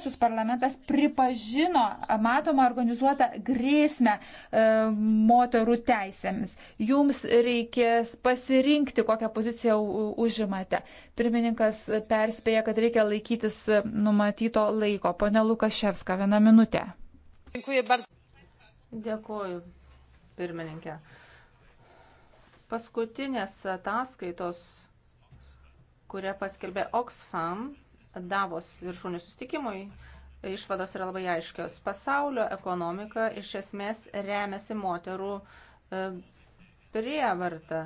Šis parlamentas pripažino matomą organizuotą grėsmę e, moterų teisėmis. Jums reikės pasirinkti, kokią poziciją užimate. Pirmininkas perspėja, kad reikia laikytis numatyto laiko. Pone Lukaševska, vieną minutę. Dėkuoju, pirmininkė. Paskutinės ataskaitos, kurią paskelbė Oxfam, Davos viršūnių sustikimui išvados yra labai aiškios. Pasaulio ekonomika iš esmės remiasi moterų e, prievartą.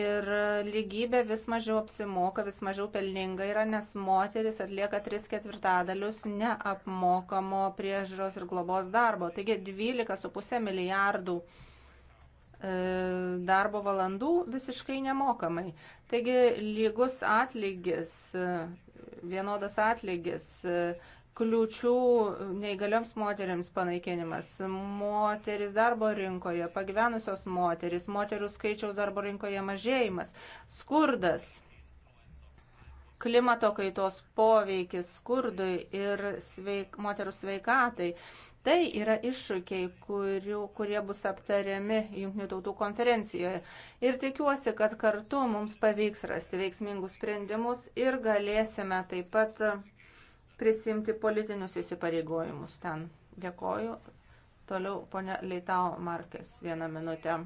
Ir lygybė vis mažiau apsimoka, vis mažiau pelninga yra, nes moteris atlieka 3 ketvirtadalius neapmokamo priežiūros ir globos darbo. Taigi 12,5 milijardų e, darbo valandų visiškai nemokamai. Taigi lygus atlygis, vienodas atlygis, kliūčių neįgalioms moteriams panaikinimas, moteris darbo rinkoje, pagyvenusios moteris, moterų skaičiaus darbo rinkoje mažėjimas, skurdas, klimato kaitos poveikis skurdui ir sveik, moterų sveikatai, Tai yra iššūkiai, kurių, kurie bus aptariami Junktinių tautų konferencijoje. Ir tikiuosi, kad kartu mums pavyks rasti veiksmingus sprendimus ir galėsime taip pat prisimti politinius įsipareigojimus ten. Dėkoju. Toliau ponia Leitao Markės vieną minutę.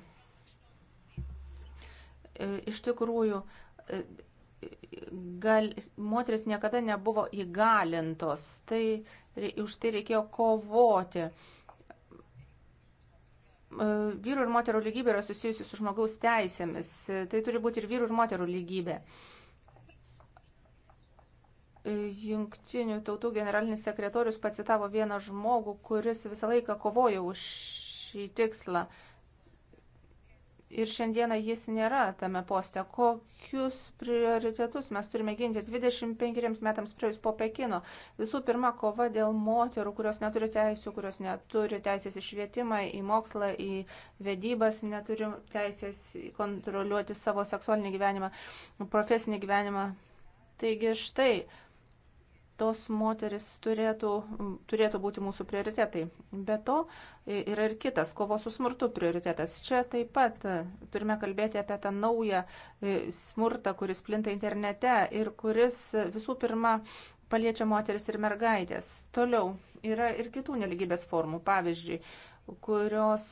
E, iš tikrųjų, e, gal, moteris niekada nebuvo įgalintos, tai už tai reikėjo kovoti. E, vyrų ir moterų lygybė yra susijusi su žmogaus teisėmis. E, tai turi būti ir vyrų ir moterų lygybė. E, Jungtinių tautų generalinis sekretorius pacitavo vieną žmogų, kuris visą laiką kovojo už šį tikslą ir šiandieną jis nėra tame poste. Kokius prioritetus mes turime ginti 25 metams praėjus po Pekino? Visų pirma, kova dėl moterų, kurios neturi teisų, kurios neturi teisės į švietimą, į mokslą, į vedybas, neturi teisės kontroliuoti savo seksualinį gyvenimą, profesinį gyvenimą. Taigi štai, tos moteris turėtų, turėtų būti mūsų prioritetai. Be to yra ir kitas kovos su smurtu prioritetas. Čia taip pat e, turime kalbėti apie tą naują e, smurtą, kuris plinta internete ir kuris e, visų pirma paliečia moteris ir mergaitės. Toliau yra ir kitų neligybės formų, pavyzdžiui, kurios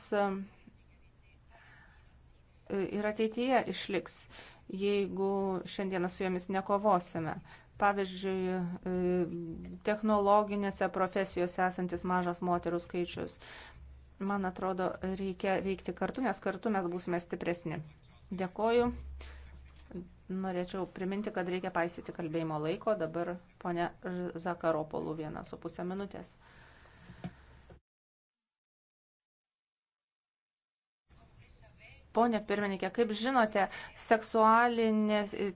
ir ateityje išliks, jeigu šiandieną su jomis nekovosime pavyzdžiui, e, technologinėse profesijose esantis mažas moterų skaičius. Man atrodo, reikia veikti kartu, nes kartu mes būsime stipresni. Dėkoju. Norėčiau priminti, kad reikia paisyti kalbėjimo laiko. Dabar ponia Zakaropolų vieną su pusę minutės. Pone pirmininkė, kaip žinote,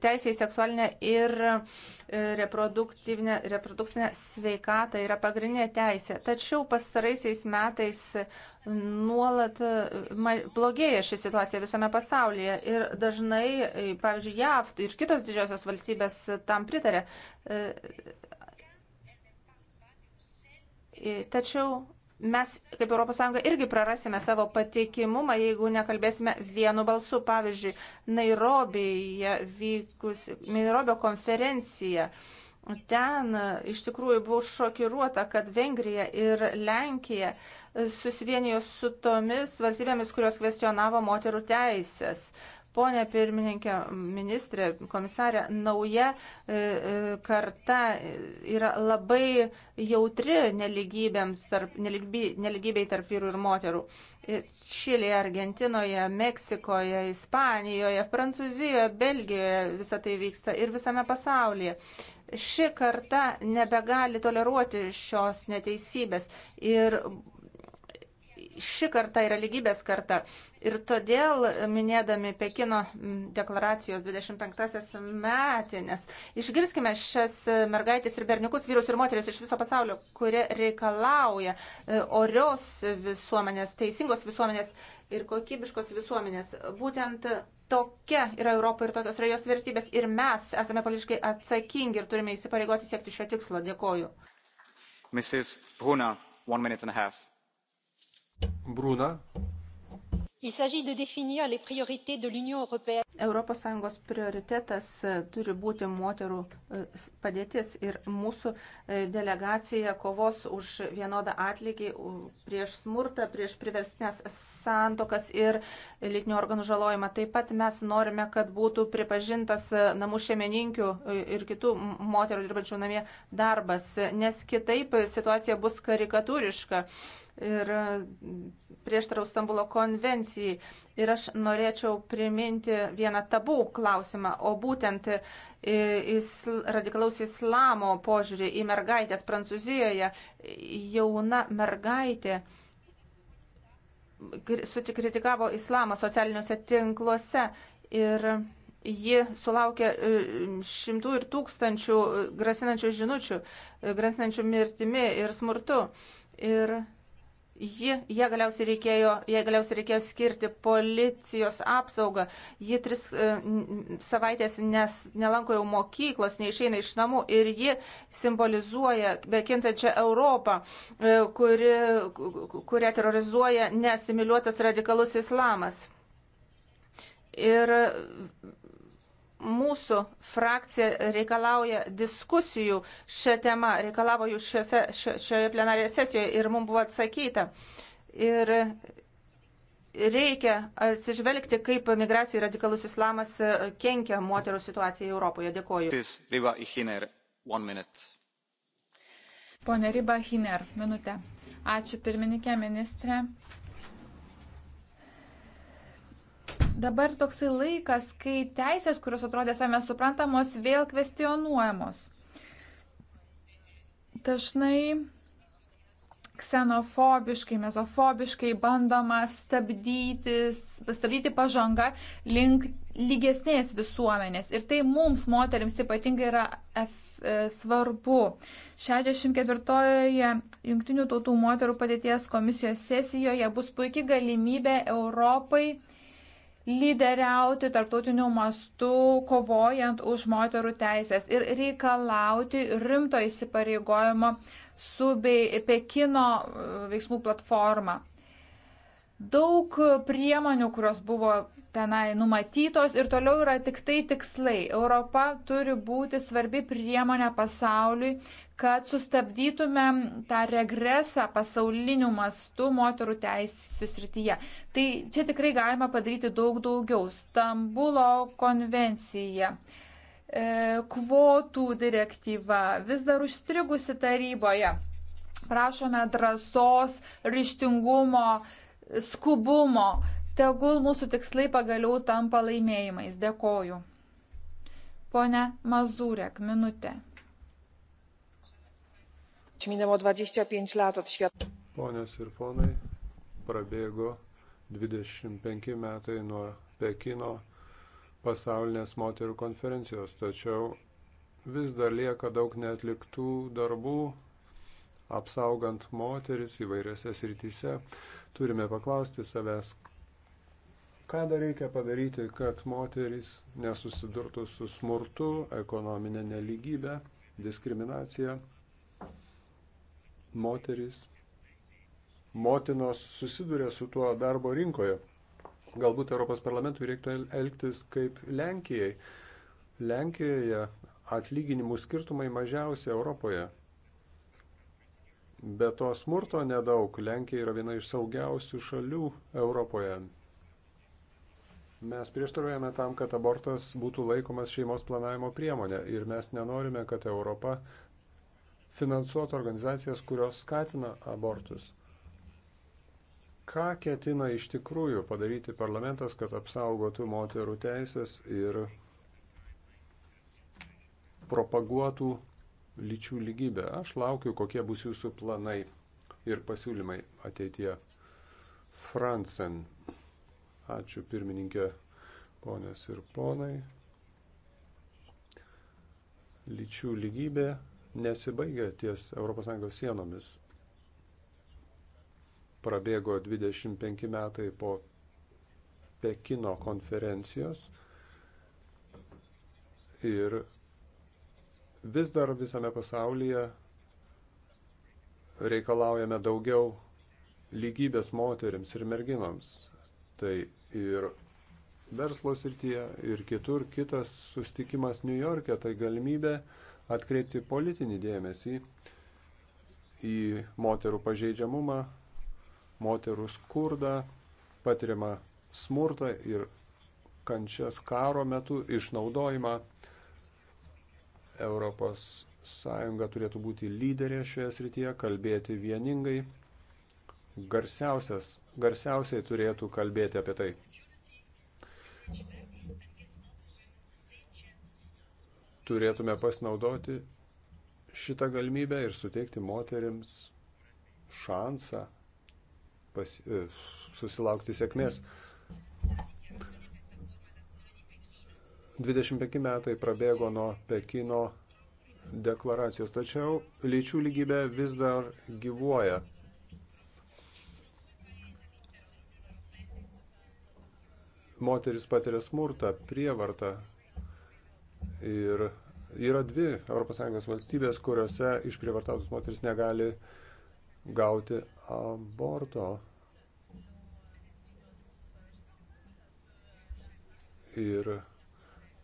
teisė į seksualinę ir e, reprodukcinę, reprodukcinę sveikatą yra pagrindinė teisė. Tačiau pastaraisiais metais nuolat e, blogėja ši situacija visame pasaulyje. Ir dažnai, e, pavyzdžiui, JAV ir kitos didžiosios valstybės tam pritarė. Tačiau mes kaip ES irgi prarasime savo patikimumą, jeigu nekalbėsime vienu balsu. Pavyzdžiui, Nairobija vykus, Nairobio konferencija. Ten e, iš tikrųjų buvau šokiruota, kad Vengrija ir Lenkija e, susivienijo su tomis valstybėmis, kurios kvestionavo moterų teisės. Pone pirmininkė, ministrė, komisarė, nauja e, e, karta yra labai jautri tarp, neligybei tarp vyrų ir moterų. E, Čilėje, Argentinoje, Meksikoje, Ispanijoje, Prancūzijoje, Belgijoje visą tai vyksta ir visame pasaulyje. Ši karta nebegali toleruoti šios neteisybės ir ši karta yra lygybės karta. Ir todėl, minėdami Pekino deklaracijos 25-asias metinės, išgirskime šias mergaitės ir berniukus, vyrus ir moteris iš viso pasaulio, kurie reikalauja e, orios visuomenės, teisingos visuomenės ir kokybiškos visuomenės. Būtent tokia yra Europa ir tokios yra jos vertybės ir mes esame politiškai atsakingi ir turime įsipareigoti siekti šio tikslo. Dėkoju. Mrs. Bruna, one minute and a half. Brūna. ES prioritetas e, turi būti moterų e, padėtis ir mūsų e, delegacija kovos už vienodą atlygį prieš smurtą, prieš priverstinės santokas ir lytinių organų žalojimą. Taip pat mes norime, kad būtų pripažintas namų šeimininkių ir kitų moterų dirbančių namie darbas, nes kitaip situacija bus karikatūriška ir mm, prieštarau Stambulo konvencijai. Ir aš norėčiau priminti vieną tabų klausimą, o būtent isl, radikalaus islamo požiūrį į mergaitės Prancūzijoje. Jauna mergaitė sutikritikavo islamą socialiniuose tinkluose ir ji sulaukė e, šimtų ir tūkstančių grasinančių žinučių, e, grasinančių mirtimi ir smurtu. Ir Ji, jie galiausiai reikėjo, jie galiausiai reikėjo skirti policijos apsaugą. Ji tris e, savaitės nes, nelanko jau mokyklos, neišeina iš namų ir ji simbolizuoja bekintančią Europą, e, kuri, kurią terrorizuoja nesimiliuotas radikalus islamas. Ir mūsų frakcija reikalauja diskusijų šią temą, reikalavo jų šiose, šioje plenarėje sesijoje ir mums buvo atsakyta. Ir reikia atsižvelgti, kaip migracija ir radikalus islamas kenkia moterų situacijai Europoje. Dėkoju. Pone Riba Hiner, minutė. Ačiū pirmininkė ministrė. Dabar toksai laikas, kai teisės, kurios atrodė savame suprantamos, vėl kvestionuojamos. Dažnai ksenofobiškai, mezofobiškai bandoma stabdyti, stabdyti pažangą link lygesnės visuomenės. Ir tai mums, moteriams, ypatingai yra efektyviau svarbu. 64-oje Junktinių tautų moterų padėties komisijos sesijoje bus puikia galimybė Europai lyderiauti tarptautiniu mastu, kovojant už moterų teisės ir reikalauti rimto įsipareigojimo su Pekino e, veiksmų platforma daug priemonių, kurios buvo tenai numatytos ir toliau yra tik tai tikslai. Europa turi būti svarbi priemonė pasauliui, kad sustabdytume tą regresą pasauliniu mastu moterų teisų srityje. Tai čia tikrai galima padaryti daug daugiau. Stambulo konvencija, e, kvotų direktyva vis dar užstrigusi taryboje. Prašome drąsos, ryštingumo, skubumo. Tegul mūsų tikslai pagaliau tampa laimėjimais. Dėkoju. Pone Mazurek, minutė. Minęło 25 lat od świata. Ponios ir ponai, prabėgo 25 metai nuo Pekino pasaulinės moterų konferencijos, tačiau vis dar lieka daug netliktų darbų, apsaugant moteris įvairiose srityse. Turime paklausti savęs, ką dar reikia padaryti, kad moteris nesusidurtų su smurtu, ekonominė neligybė, diskriminacija. Moteris, motinos susiduria su tuo darbo rinkoje. Galbūt Europos parlamentui reiktų elgtis kaip Lenkijai. Lenkijoje atlyginimų skirtumai mažiausia Europoje. Be to smurto nedaug. Lenkija yra viena iš saugiausių šalių Europoje. Mes prieštarojame tam, kad abortas būtų laikomas šeimos planavimo priemonė ir mes nenorime, kad Europa finansuotų organizacijas, kurios skatina abortus. Ką ketina iš tikrųjų padaryti parlamentas, kad apsaugotų moterų teisės ir propaguotų lyčių lygybę. Aš laukiu, kokie bus jūsų planai ir pasiūlymai ateityje. Fransen. Ačiū pirmininkė, ponios ir ponai. Lyčių lygybė nesibaigia ties ES sienomis. Prabėgo 25 metai po Pekino konferencijos ir Vis dar visame pasaulyje reikalaujame daugiau lygybės moteriams ir merginoms. Tai ir verslo srityje, ir kitur kitas sustikimas New York'e, tai galimybė atkreipti politinį dėmesį į moterų pažeidžiamumą, moterų skurdą, patiriamą smurtą ir kančias karo metu, išnaudojimą Europos Sąjunga turėtų būti lyderė šioje srityje, kalbėti vieningai, garsiausias, garsiausiai turėtų kalbėti apie tai. Turėtume pasinaudoti šitą galimybę ir suteikti moteriams šansą pas, e, susilaukti sėkmės. Mm. 25 metai prabėgo nuo Pekino deklaracijos, tačiau lyčių lygybė vis dar gyvuoja. Moteris patiria smurtą, prievartą ir yra dvi ES valstybės, kuriuose išprievartautos moteris negali gauti aborto. Ir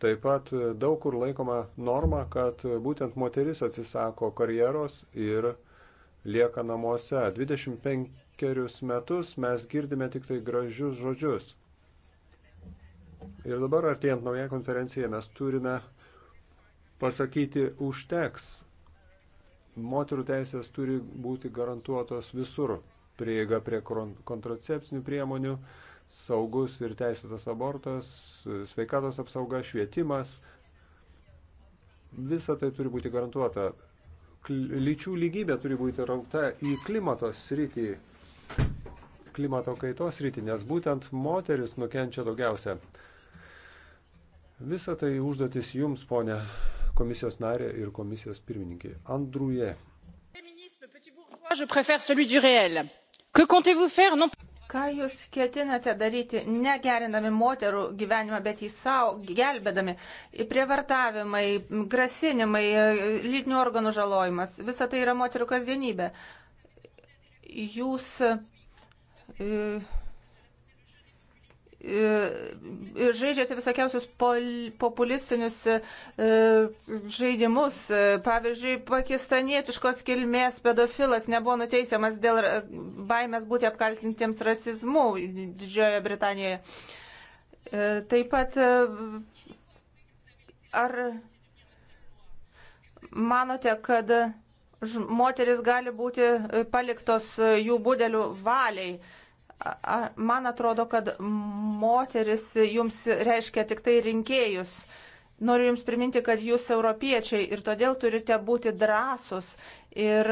Taip pat e, daug kur laikoma norma, kad e, būtent moteris atsisako karjeros ir lieka namuose. 25 metus mes girdime tik tai gražius žodžius. Ir dabar artėjant naują konferenciją mes turime pasakyti užteks. Moterų teisės turi būti garantuotos visur. Prieiga prie kontracepcinių priemonių, saugus ir teisėtas abortas, sveikatos apsauga, švietimas. Visa tai turi būti garantuota. Lyčių lygybė turi būti raukta į klimato sritį, klimato kaitos sritį, nes būtent moteris nukenčia daugiausia. Visa tai užduotis jums, ponė komisijos narė ir komisijos pirmininkė. Andruje. Je préfère celui du réel. Que comptez-vous faire non Ką jūs ketinate daryti, negerinami moterų gyvenimą, bet jį savo gelbėdami? Prievartavimai, grasinimai, lytinių organų žalojimas, visa tai yra moterų kasdienybė. Jūs. E, žaidžiate visokiausius pol, populistinius e, žaidimus. E, pavyzdžiui, pakistanietiškos kilmės pedofilas nebuvo nuteisiamas dėl e, baimės būti apkaltintiems rasizmu Didžiojoje Britanijoje. Taip pat, ar manote, kad moteris gali būti paliktos jų būdelių valiai? man atrodo, kad moteris jums reiškia tik tai rinkėjus. Noriu jums priminti, kad jūs europiečiai ir todėl turite būti drąsus ir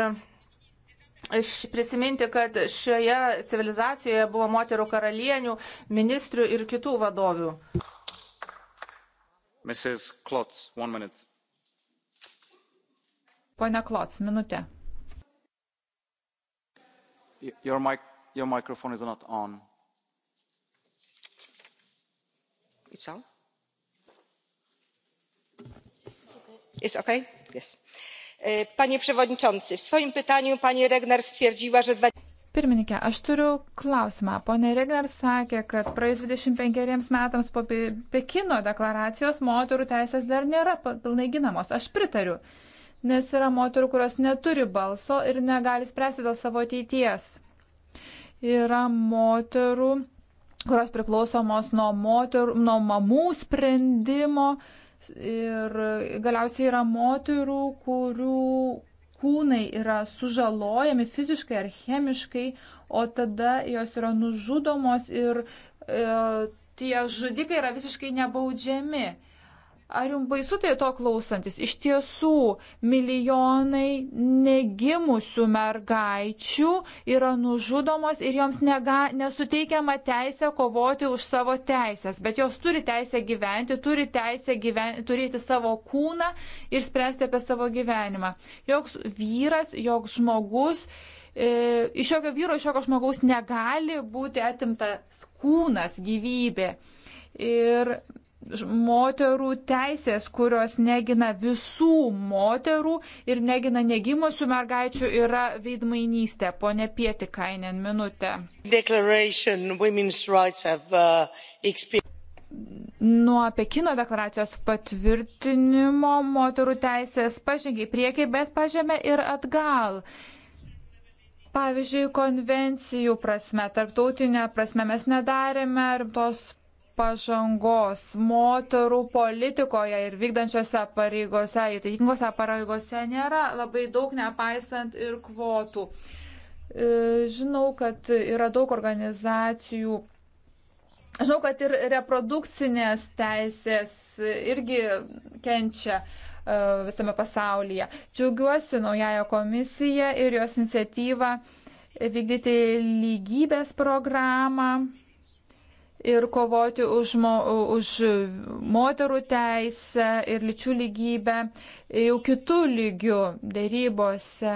prisiminti, kad šioje civilizacijoje buvo moterų karalienių, ministrių ir kitų vadovių. Mrs. Klotz, one minute. Pone Klots, minutė. Your mic your microphone is not on. It's on? It's okay? Yes. E, panie przewodniczący, w swoim pytaniu pani Regner stwierdziła, że 20... Pirmininkė, aš turiu klausimą. Pone Regner sakė, kad praėjus 25 metams po Pekino deklaracijos moterų teisės dar nėra pilnai ginamos. Aš pritariu, nes yra moterų, kurios neturi balso ir negali spręsti dėl savo ateities yra moterų, kurios priklausomos nuo, moterų, nuo mamų sprendimo ir galiausiai yra moterų, kurių kūnai yra sužalojami fiziškai ar chemiškai, o tada jos yra nužudomos ir e, tie žudikai yra visiškai nebaudžiami. Ar jums baisu tai to klausantis? Iš tiesų, milijonai negimusių mergaičių yra nužudomos ir joms nega, nesuteikiama teisė kovoti už savo teisės, bet jos turi teisę gyventi, turi teisę gyven, turėti savo kūną ir spręsti apie savo gyvenimą. Joks vyras, joks žmogus. E, iš jokio vyro, iš jokio žmogaus negali būti atimtas kūnas, gyvybė. Ir moterų teisės, kurios negina visų moterų ir negina negimusių mergaičių, yra veidmainystė. Pone Pietikainen, minutė. Uh, Nuo Pekino deklaracijos patvirtinimo moterų teisės pažengė į priekį, bet pažemė ir atgal. Pavyzdžiui, konvencijų prasme, tarptautinė prasme mes nedarėme rimtos pažangos moterų politikoje ir vykdančiose pareigose, įtaikingose pareigose nėra labai daug, nepaisant ir kvotų. E, žinau, kad yra daug organizacijų. Žinau, kad ir reprodukcinės teisės irgi kenčia e, visame pasaulyje. Džiaugiuosi naująją komisiją ir jos iniciatyvą vykdyti lygybės programą ir kovoti už, mo, už moterų teisę ir lyčių lygybę jau kitų lygių dėrybose.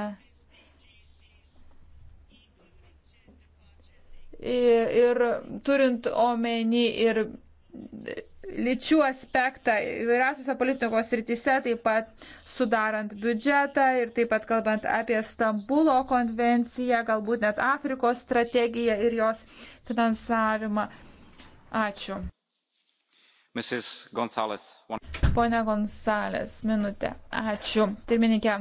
Ir, ir turint omeny ir lyčių aspektą įvairiausiose politikos rytise, taip pat sudarant biudžetą ir taip pat kalbant apie Stambulo konvenciją, galbūt net Afrikos strategiją ir jos finansavimą. Ačiū. Mrs. Gonzalez. One... Pone Gonzalės, minutė. Ačiū. Pirmininkė,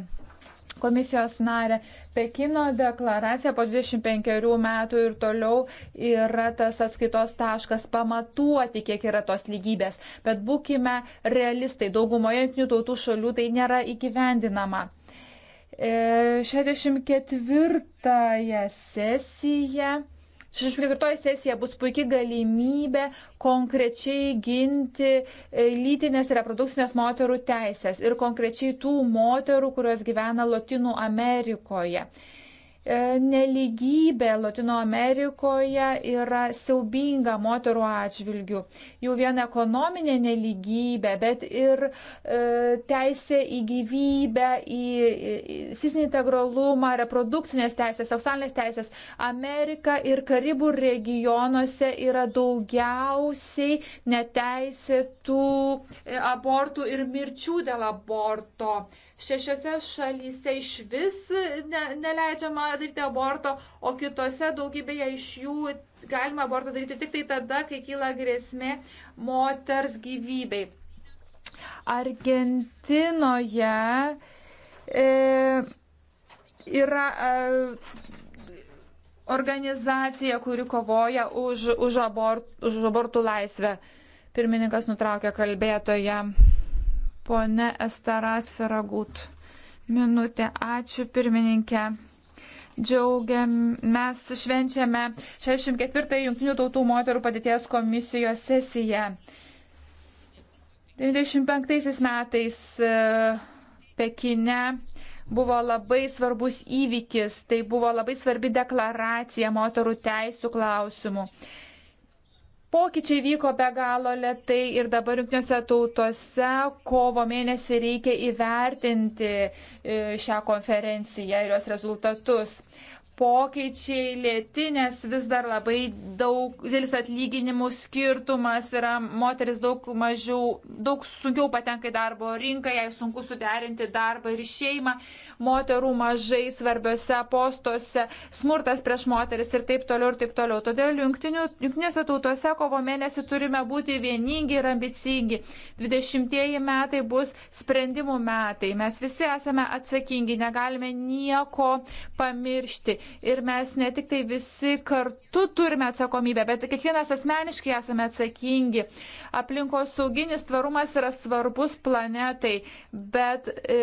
komisijos narė. Pekino deklaracija po 25 metų ir toliau yra tas atskaitos taškas pamatuoti, kiek yra tos lygybės. Bet būkime realistai, daugumoje jungtinių tautų šalių tai nėra įgyvendinama. 64 e, sesiją 64 sesija bus puikia galimybė konkrečiai ginti e, lytinės ir reprodukcinės moterų teisės ir konkrečiai tų moterų, kurios gyvena Latinų Amerikoje. E, neligybė Latino Amerikoje yra siaubinga moterų atžvilgių. Jau vien ekonominė neligybė, bet ir e, teisė į gyvybę, į, į fizinį integralumą, reprodukcinės teisės, seksualinės teisės. Amerika ir Karibų regionuose yra daugiausiai neteisėtų e, abortų ir mirčių dėl aborto. Šešiose šalyse iš vis ne, neleidžiama daryti aborto, o kitose daugybėje iš jų galima abortą daryti tik tai tada, kai kyla grėsmė moters gyvybei. Argentinoje e, yra. E, organizacija, kuri kovoja už, už, abort, už abortų laisvę. Pirmininkas nutraukė kalbėtoją. Pone Estaras Feragut. Minutė. Ačiū pirmininkė. Džiaugiam, mes švenčiame 64-ąją Junktinių tautų moterų padėties komisijos sesiją. 95 metais e, Pekine buvo labai svarbus įvykis, tai buvo labai svarbi deklaracija moterų teisų klausimų. Pokyčiai vyko be galo lietai ir dabar jungtiniuose tautuose kovo mėnesį reikia įvertinti e, šią konferenciją ir jos rezultatus pokyčiai lėti, nes vis dar labai daug, dėlis atlyginimų skirtumas yra, moteris daug mažiau, daug sunkiau patenka į darbo rinką, jai sunku suderinti darbą ir šeimą, moterų mažai svarbiose postuose, smurtas prieš moteris ir taip toliau ir taip toliau. Todėl jungtinėse tautose kovo mėnesį turime būti vieningi ir ambicingi. 20 metai bus sprendimų metai. Mes visi esame atsakingi, negalime nieko pamiršti ir mes ne tik tai visi kartu turime atsakomybę, bet kiekvienas asmeniškai esame atsakingi. Aplinkos sauginis tvarumas yra svarbus planetai, bet e,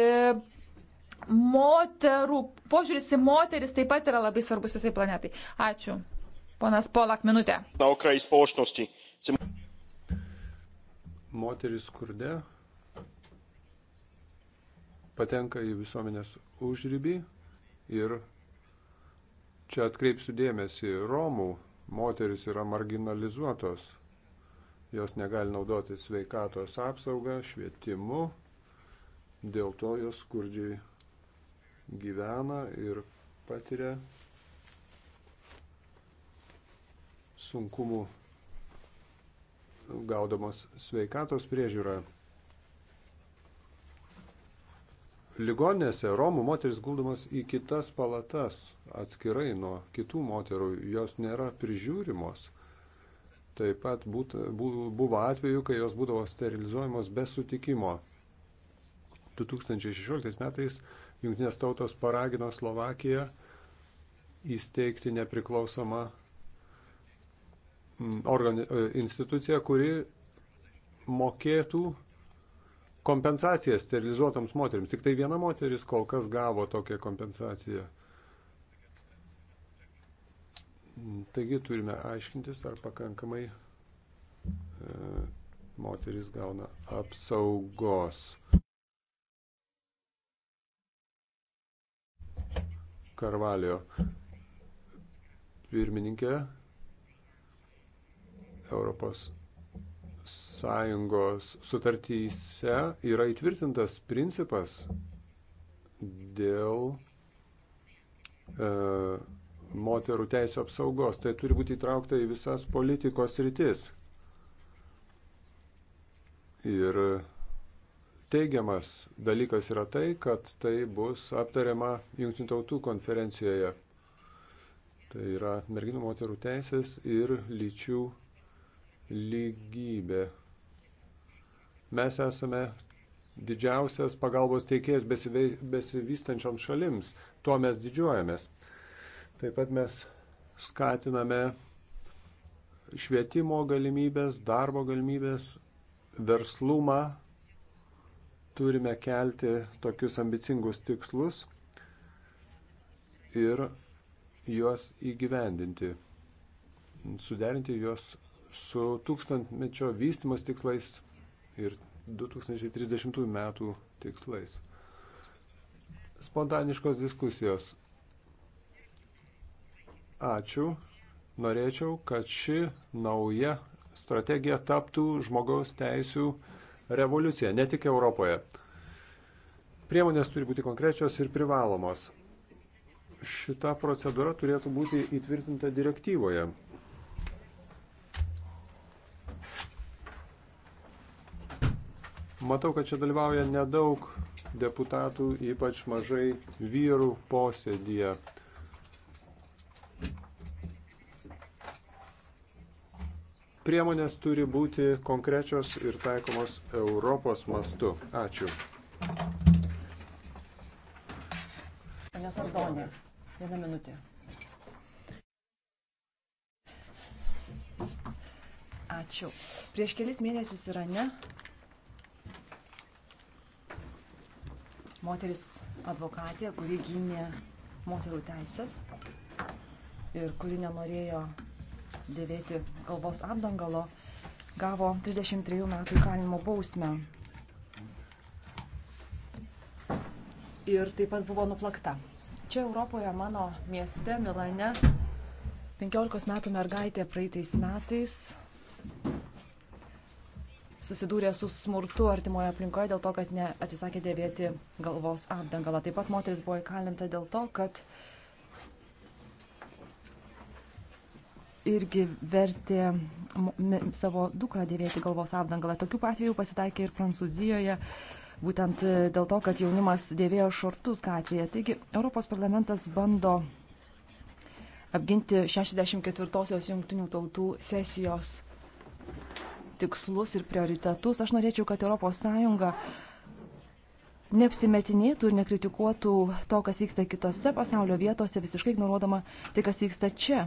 moterų, požiūris į moteris taip pat yra labai svarbus visai planetai. Ačiū. Ponas Polak, minutė. Moteris skurde patenka į visuomenės užrybį ir Čia atkreipsiu dėmesį, Romų moteris yra marginalizuotos. Jos negali naudoti sveikatos apsaugą, švietimu, dėl to jos skurdžiai gyvena ir patiria sunkumų gaudamos sveikatos priežiūrą. ligoninėse Romų moteris guldomas į kitas palatas atskirai nuo kitų moterų, jos nėra prižiūrimos. Taip pat būt, buvo atveju, kai jos būdavo sterilizuojamos be sutikimo. 2016 metais Junktinės tautos paragino Slovakiją įsteigti nepriklausomą mm, organi, e, instituciją, kuri mokėtų kompensaciją sterilizuotoms moteriams. Tik tai viena moteris kol kas gavo tokią kompensaciją. Taigi turime aiškintis, ar pakankamai e, moteris gauna apsaugos. Karvalio pirmininkė Europos Sąjungos sutartyse yra įtvirtintas principas dėl e, moterų teisų apsaugos. Tai turi būti įtraukta į visas politikos rytis. Ir teigiamas dalykas yra tai, kad tai bus aptariama Junktinių tautų konferencijoje. Tai yra merginų moterų teisės ir lyčių lygybė. Mes esame didžiausias pagalbos teikėjas besivystančiom šalims. Tuo mes didžiuojamės. Taip pat mes skatiname švietimo galimybės, darbo galimybės, verslumą. Turime kelti tokius ambicingus tikslus ir juos įgyvendinti, suderinti juos su tūkstantmečio vystimas tikslais ir 2030 metų tikslais. Spontaniškos diskusijos. Ačiū. Norėčiau, kad ši nauja strategija taptų žmogaus teisų revoliucija, ne tik Europoje. Priemonės turi būti konkrečios ir privalomos. Šita procedūra turėtų būti įtvirtinta direktyvoje. Matau, kad čia dalyvauja nedaug deputatų, ypač mažai vyrų posėdėje. Priemonės turi būti konkrečios ir taikomos Europos mastu. Ačiū. Pane Sardonė, vieną minutę. Ačiū. Prieš kelis mėnesius Irane moteris advokatė, kuri gynė moterų teisės ir kuri nenorėjo dėvėti galvos apdangalo, gavo 33 metų įkalinimo bausmę. Ir taip pat buvo nuplakta. Čia Europoje, mano mieste, Milane, 15 metų mergaitė praeitais metais susidūrė su smurtu artimoje aplinkoje dėl to, kad neatsisakė dėvėti galvos apdangalą. Taip pat moteris buvo įkalinta dėl to, kad irgi vertė savo dukrą dėvėti galvos apdangalą. Tokių atvejų pasitaikė ir Prancūzijoje, būtent e, dėl to, kad jaunimas dėvėjo šortus gatvėje. Taigi Europos parlamentas bando apginti 64-osios jungtinių tautų sesijos tikslus ir prioritetus. Aš norėčiau, kad ES neapsimetinėtų ir nekritikuotų to, kas vyksta kitose pasaulio vietose, visiškai ignoruodama tai, kas vyksta čia,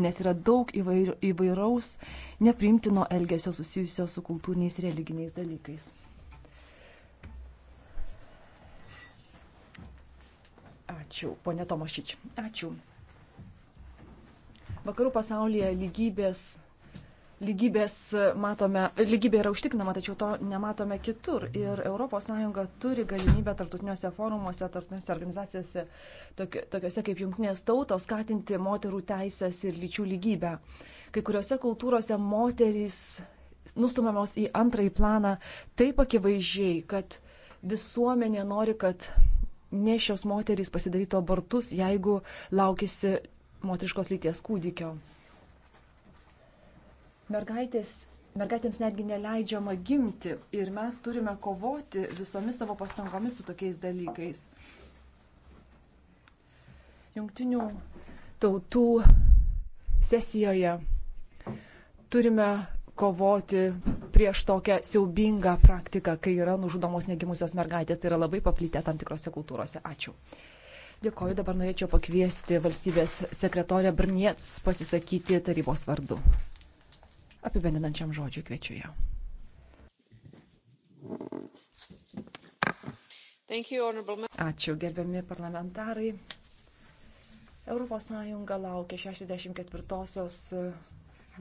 nes yra daug įvair, įvairaus nepriimtino elgesio susijusio su kultūriniais religiniais dalykais. Ačiū, ponė Tomašič. Ačiū. Vakarų pasaulyje lygybės lygybės e, matome, lygybė yra užtikrinama, tačiau to nematome kitur. Ir ES turi galimybę tartutiniuose forumuose, tartutinėse organizacijose, tokiuose kaip Junktinės tautos, skatinti moterų teisės ir lyčių lygybę. Kai kuriuose kultūrose moterys nustumiamos į antrąjį planą taip akivaizdžiai, kad visuomenė nori, kad ne šios moterys pasidarytų abortus, jeigu laukisi moteriškos lyties kūdikio mergaitės, mergaitėms netgi neleidžiama gimti ir mes turime kovoti visomis savo pastangomis su tokiais dalykais. Jungtinių tautų sesijoje turime kovoti prieš tokią siaubingą praktiką, kai yra nužudomos negimusios mergaitės. Tai yra labai paplitę tam tikrose kultūrose. Ačiū. Dėkoju, dabar norėčiau pakviesti valstybės sekretorę Brniec pasisakyti tarybos vardu apibendinančiam žodžiui kviečiu ją. Ačiū gerbiami parlamentarai. ES laukia 64-osios e,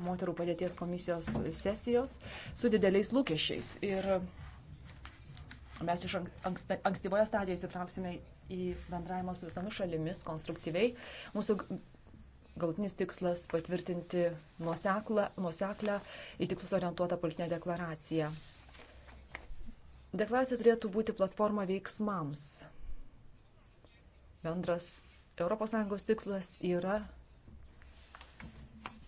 moterų padėties komisijos sesijos su dideliais lūkesčiais. Ir mes iš ankstyvoje stadijoje įsitrauksime į bendravimą su visomis šalimis konstruktyviai. Mūsų galtinis tikslas patvirtinti nuoseklą, nuoseklę į tikslus orientuotą politinę deklaraciją. Deklaracija turėtų būti platforma veiksmams. Bendras ES tikslas yra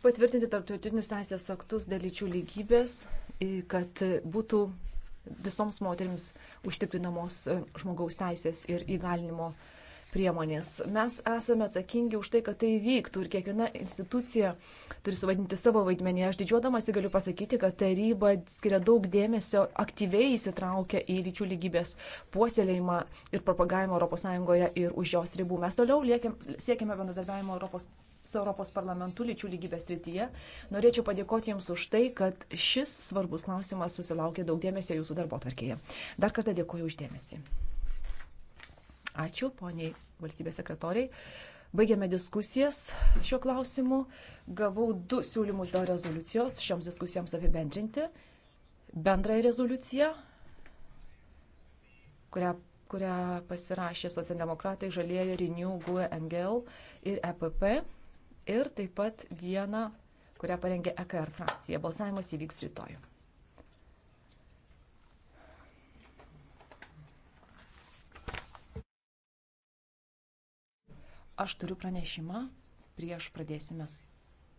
patvirtinti tarptautinius teisės aktus dėl lyčių lygybės, kad būtų visoms moteriams užtikrinamos e, žmogaus teisės ir įgalinimo teisės priemonės. Mes esame atsakingi už tai, kad tai vyktų ir kiekviena institucija turi suvadinti savo vaidmenį. Aš didžiuodamasi galiu pasakyti, kad taryba skiria daug dėmesio, aktyviai įsitraukia į lyčių lygybės puoselėjimą ir propagavimą ES ir už jos ribų. Mes toliau liekiam, siekiame bendradarbiavimo Europos su Europos parlamentu lyčių lygybės rytyje. Norėčiau padėkoti Jums už tai, kad šis svarbus klausimas susilaukė daug dėmesio Jūsų darbo tvarkėje. Dar kartą dėkoju uždėmesi. Ačiū, poniai valstybės sekretoriai. Baigėme diskusijas šiuo klausimu. Gavau du siūlymus dėl rezoliucijos šioms diskusijoms apibendrinti. Bendrąją rezoliuciją, kurią, kurią pasirašė socialdemokratai, žalieji, Renew, GUE, NGL ir EPP. Ir taip pat vieną, kurią parengė EKR frakcija. Balsavimas įvyks rytoj. Aš turiu pranešimą prieš pradėsime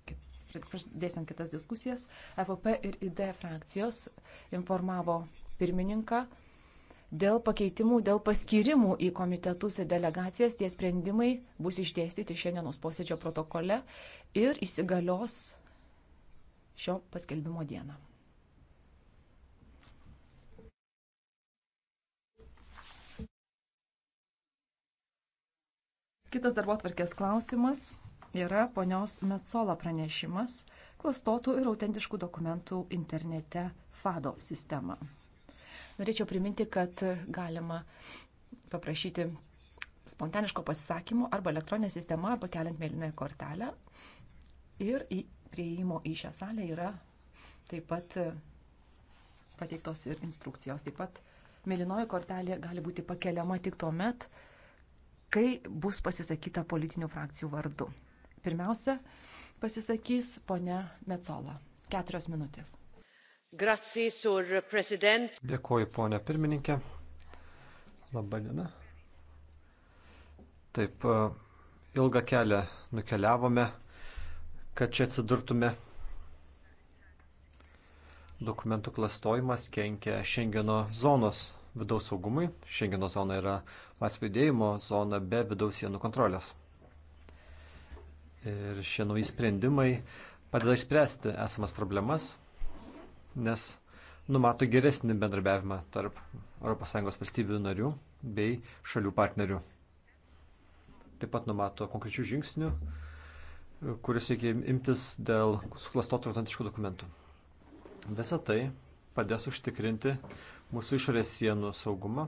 pradėsiant kitas diskusijas. FOP ir ID frakcijos informavo pirmininką dėl pakeitimų, dėl paskirimų į komitetus ir delegacijas. Tie sprendimai bus išdėstyti šiandienos posėdžio protokole ir įsigalios šio paskelbimo dieną. Kitas darbo atvarkės klausimas yra ponios Metsola pranešimas klastotų ir autentiškų dokumentų internete FADO sistema. Norėčiau priminti, kad galima paprašyti spontaniško pasisakymo arba elektroninė sistema, arba keliant mėlynąją kortelę. Ir į prieimo į šią salę yra taip pat pateiktos ir instrukcijos. Taip pat mėlynoji kortelė gali būti pakeliama tik tuo met, kai bus pasisakyta politinių frakcijų vardu. Pirmiausia, pasisakys ponia Metzola. Keturios minutės. Grazie, sur president. Dėkuoju, ponia pirmininkė. Labadiena. Taip, e, ilgą kelią nukeliavome, kad čia atsidurtume. Dokumentų klastojimas kenkia Šengeno zonos vidaus saugumui. Šengeno zona yra laisvo judėjimo zona be vidaus sienų kontrolės. Ir šie nauji sprendimai padeda išspręsti esamas problemas, nes numato geresnį bendrabiavimą tarp ES valstybių narių bei šalių partnerių. Taip pat numato konkrečių žingsnių, kuris reikia imtis dėl suklastotų autentiškų dokumentų. Visa tai padės užtikrinti mūsų išorės sienų saugumą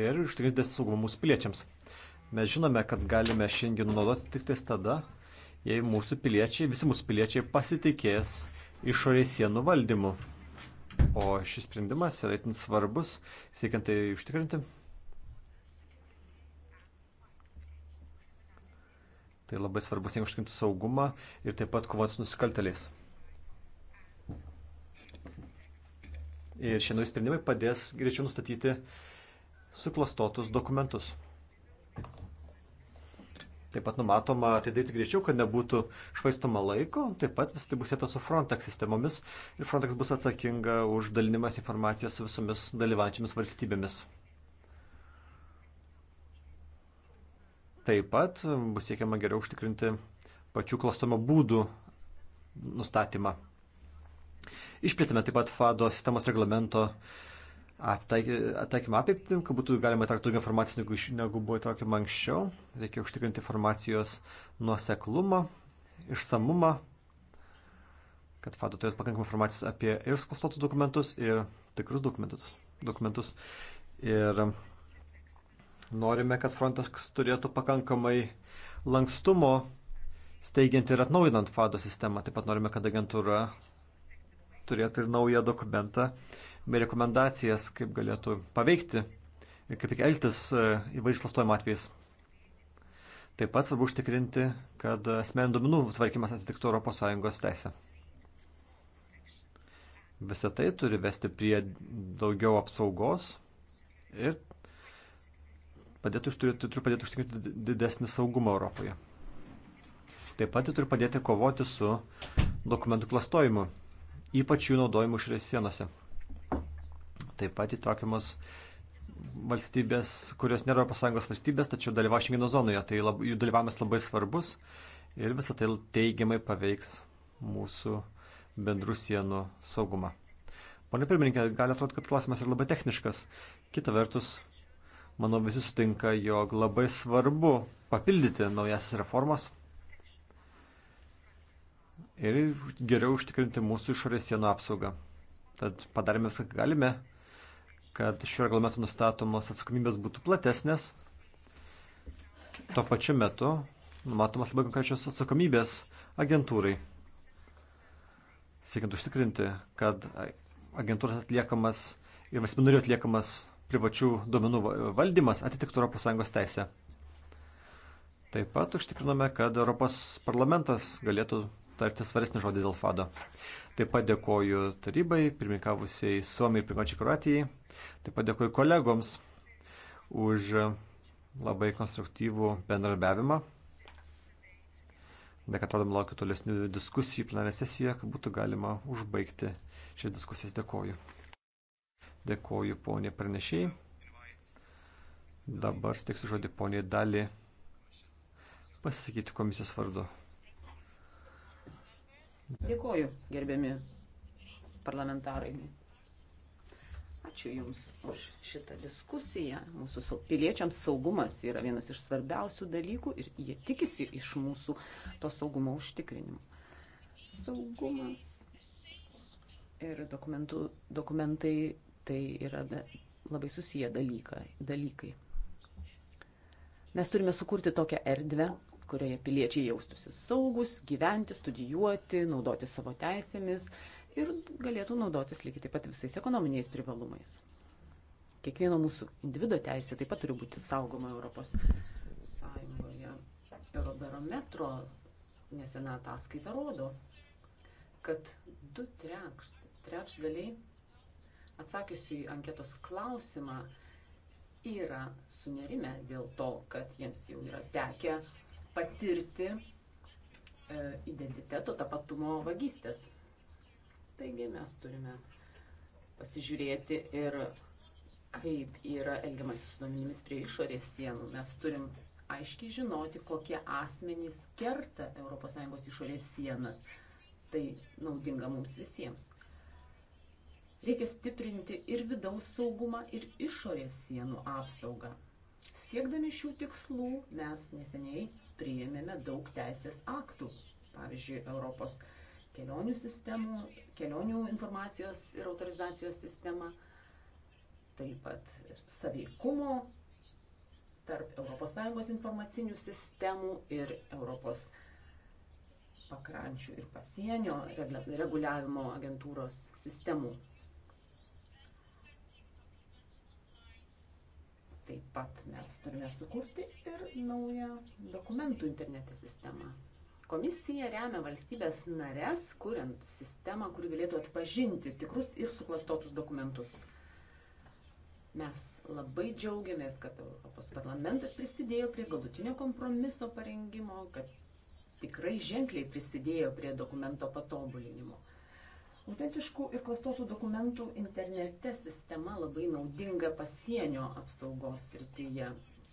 ir užtikrinti saugumą mūsų piliečiams. Mes žinome, kad galime šiandien naudoti tik tais tada, jei mūsų piliečiai, visi mūsų piliečiai pasitikės išorės sienų valdymu. O šis sprendimas yra itin svarbus, siekiant tai užtikrinti. Tai labai svarbus, jeigu užtikrinti saugumą ir taip pat kovoti su nusikalteliais. Ir šie nauji sprendimai padės greičiau nustatyti suklastotus dokumentus. Taip pat numatoma atidaryti greičiau, kad nebūtų švaistoma laiko. Taip pat vis tai bus sėta su Frontex sistemomis ir Frontex bus atsakinga už dalinimas informaciją su visomis dalyvančiamis valstybėmis. Taip pat bus siekiama geriau užtikrinti pačių klastomo būdų nustatymą. Išplėtėme taip pat FADO sistemos reglamento taikymą apiptim, kad būtų galima įtraukti daugiau informacijos negu, negu buvo įtraukiama anksčiau. Reikia užtikrinti informacijos nuoseklumą, išsamumą, kad FADO turėtų pakankamai informacijos apie ir sklastotus dokumentus, ir tikrus dokumentus. dokumentus. Ir norime, kad Frontex turėtų pakankamai lankstumo steigiant ir atnaujinant FADO sistemą. Taip pat norime, kad agentūra turėtų ir naują dokumentą bei rekomendacijas, kaip galėtų paveikti ir kaip reikia elgtis e, įvairiais klastojimo atvejais. Taip pat svarbu užtikrinti, kad asmeninių duomenų tvarkymas atitiktų ES teisę. Visą tai turi vesti prie daugiau apsaugos ir padėtų, turi, turi padėti užtikrinti didesnį saugumą Europoje. Taip pat tai turi padėti kovoti su dokumentų klastojimu ypač jų naudojimu išorės sienose. Taip pat įtraukiamas valstybės, kurios nėra ES valstybės, tačiau dalyvauja Šengeno zonoje, tai lab, jų dalyvavimas labai svarbus ir visą tai teigiamai paveiks mūsų bendrų sienų saugumą. Pone pirmininkė, gali atrodo, kad klausimas yra labai techniškas. Kita vertus, manau, visi sutinka, jog labai svarbu papildyti naujasias reformas ir geriau užtikrinti mūsų išorės sienų apsaugą. Tad padarėme viską, ką galime, kad šiuo reglamentu nustatomos atsakomybės būtų platesnės. Tuo pačiu metu numatomas labai konkrečios atsakomybės agentūrai. Siekiant užtikrinti, kad agentūros atliekamas ir valstybinarių atliekamas privačių duomenų valdymas atitiktų ES teisę. Taip pat užtikrinome, kad Europos parlamentas galėtų tarti svaresnį žodį dėl fado. Taip pat dėkoju tarybai, pirmininkavusiai Suomijai ir pirmačiai Kroatijai. Taip pat dėkoju kolegoms už labai konstruktyvų bendradarbiavimą. Nekatrodam laukiu tolesnių diskusijų plenarė sesijoje, kad būtų galima užbaigti šias diskusijas. Dėkoju. Dėkoju ponė pranešėjai. Dabar steiksiu žodį ponė dalį pasisakyti komisijos vardu. Dėkoju, gerbiami parlamentarai. Ačiū Jums už šitą diskusiją. Mūsų piliečiams saugumas yra vienas iš svarbiausių dalykų ir jie tikisi iš mūsų to saugumo užtikrinimo. Saugumas ir dokumentai tai yra labai susiję dalykai. dalykai. Mes turime sukurti tokią erdvę, kurioje piliečiai jaustųsi saugus, gyventi, studijuoti, naudoti savo teisėmis ir galėtų naudotis lygiai taip pat visais ekonominiais privalumais. Kiekvieno mūsų individuo teisė taip pat turi būti saugoma Europos Sąjungoje. Eurobarometro nesena ataskaita rodo, kad du trečdaliai atsakiusių į anketos klausimą yra sunerime dėl to, kad jiems jau yra tekę patirti e, identiteto tapatumo vagystės. Taigi mes turime pasižiūrėti ir kaip yra elgiamasi su duomenimis prie išorės sienų. Mes turim aiškiai žinoti, kokie asmenys kerta ES išorės sienas. Tai naudinga mums visiems. Reikia stiprinti ir vidaus saugumą, ir išorės sienų apsaugą. Siekdami šių tikslų mes neseniai priėmėme daug teisės aktų, pavyzdžiui, Europos kelionių sistemų, kelionių informacijos ir autorizacijos sistema, taip pat saveikumo tarp ES informacinių sistemų ir Europos pakrančių ir pasienio reguliavimo agentūros sistemų Taip pat mes turime sukurti ir naują dokumentų internete sistemą. Komisija remia valstybės nares, kuriant sistemą, kuri galėtų atpažinti tikrus ir suklastotus dokumentus. Mes labai džiaugiamės, kad Europos parlamentas prisidėjo prie galutinio kompromiso parengimo, kad tikrai ženkliai prisidėjo prie dokumento patobulinimo. Autentiškų ir klastotų dokumentų internete sistema labai naudinga pasienio apsaugos srityje,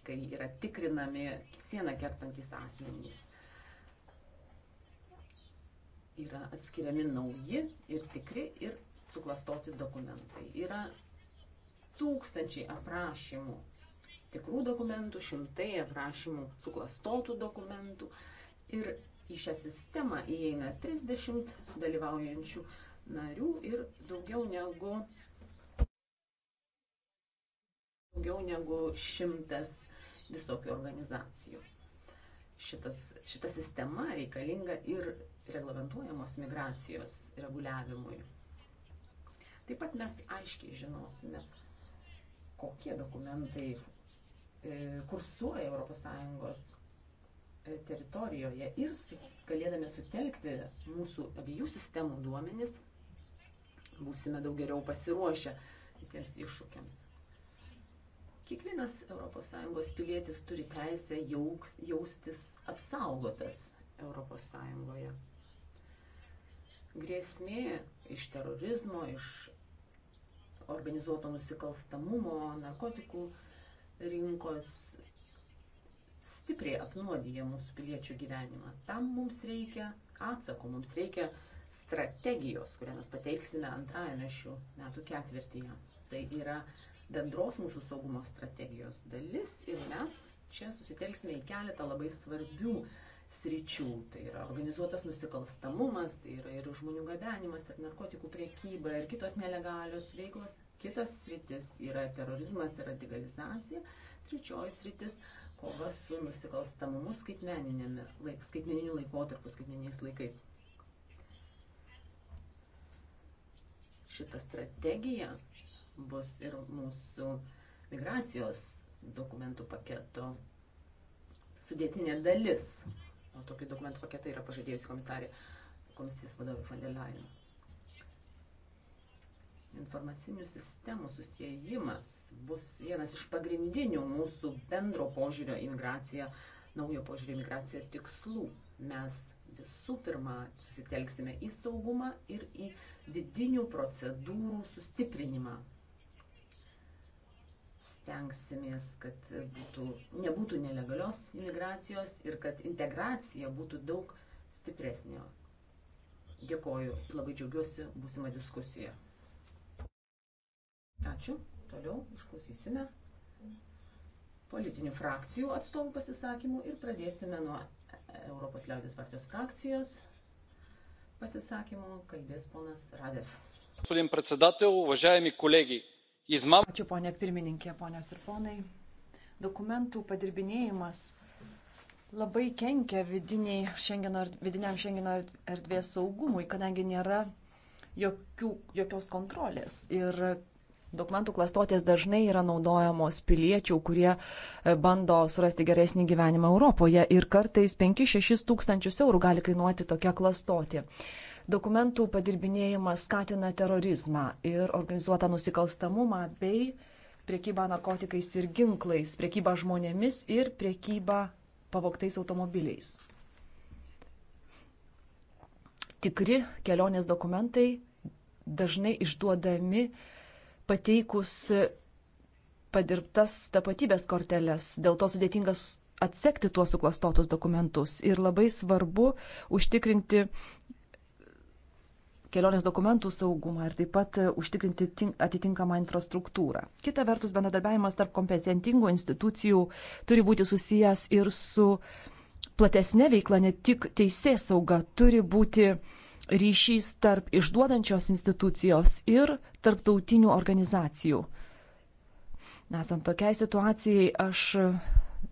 kai yra tikrinami sieną kertantis asmenys. Yra atskiriami nauji ir tikri ir suklastoti dokumentai. Yra tūkstančiai aprašymų tikrų dokumentų, šimtai aprašymų suklastotų dokumentų ir į šią sistemą įeina 30 dalyvaujančių narių ir daugiau negu, daugiau negu šimtas visokių organizacijų. Šitas, šita sistema reikalinga ir reglamentuojamos migracijos reguliavimui. Taip pat mes aiškiai žinosime, kokie dokumentai e, kursuoja ES teritorijoje ir su, galėdami sutelkti mūsų abiejų sistemų duomenis būsime daug geriau pasiruošę visiems iššūkiams. Kiekvienas ES pilietis turi teisę jauks, jaustis apsaugotas ES. Grėsmė iš terorizmo, iš organizuoto nusikalstamumo, narkotikų rinkos stipriai apnuodija mūsų piliečių gyvenimą. Tam mums reikia atsako, mums reikia uh, strategijos, kurią mes pateiksime antrajame šių metų ketvirtyje. Tai yra bendros mūsų saugumo strategijos dalis ir mes čia susitelksime į keletą labai svarbių sričių. Tai yra organizuotas nusikalstamumas, tai yra ir žmonių gabenimas, ir narkotikų priekyba, ir kitos nelegalios veiklos. Kitas sritis yra terorizmas ir radikalizacija. Trečioji sritis - kova su nusikalstamumu skaitmeniniu laikotarpiu, skaitmeniniais laikais. šita strategija bus ir mūsų migracijos dokumentų paketo sudėtinė dalis. O tokį dokumentų paketą yra pažadėjusi komisarė, komisijos vadovė von der Leyen. Informacinių sistemų susijimas bus vienas iš pagrindinių mūsų bendro požiūrio imigraciją, naujo požiūrio imigraciją tikslų. Mes visų pirma susitelksime į saugumą ir į vidinių procedūrų sustiprinimą. Stengsimės, kad būtų, nebūtų nelegalios imigracijos ir kad integracija būtų daug stipresnio. Dėkoju, labai džiaugiuosi būsimą diskusiją. Ačiū, toliau išklausysime politinių frakcijų atstovų pasisakymų ir pradėsime nuo Europos liaudės partijos frakcijos pasisakymų kalbės ponas Radev. Ačiū ponė pirmininkė, ponios ir ponai. Dokumentų padirbinėjimas labai kenkia šengino, vidiniam Šengino erdvės saugumui, kadangi nėra jokių, jokios kontrolės. Ir Dokumentų klastotės dažnai yra naudojamos piliečių, kurie e, bando surasti geresnį gyvenimą Europoje ir kartais 5-6 tūkstančius eurų gali kainuoti tokia klastotė. Dokumentų padirbinėjimas skatina terorizmą ir organizuotą nusikalstamumą bei priekybą narkotikais ir ginklais, priekybą žmonėmis ir priekybą pavogtais automobiliais. Tikri kelionės dokumentai dažnai išduodami uh, pateikus padirbtas tapatybės korteles. Dėl to sudėtingas atsekti tuos suklastotus dokumentus. Ir labai svarbu užtikrinti kelionės dokumentų saugumą ir taip pat e, užtikrinti atitinkamą infrastruktūrą. Kita vertus, bendradarbiavimas tarp kompetentingų institucijų turi būti susijęs ir su platesnė veikla, ne tik teisės sauga, turi būti uh, ryšys tarp išduodančios institucijos ir tarptautinių organizacijų. Nesant tokiai situacijai, aš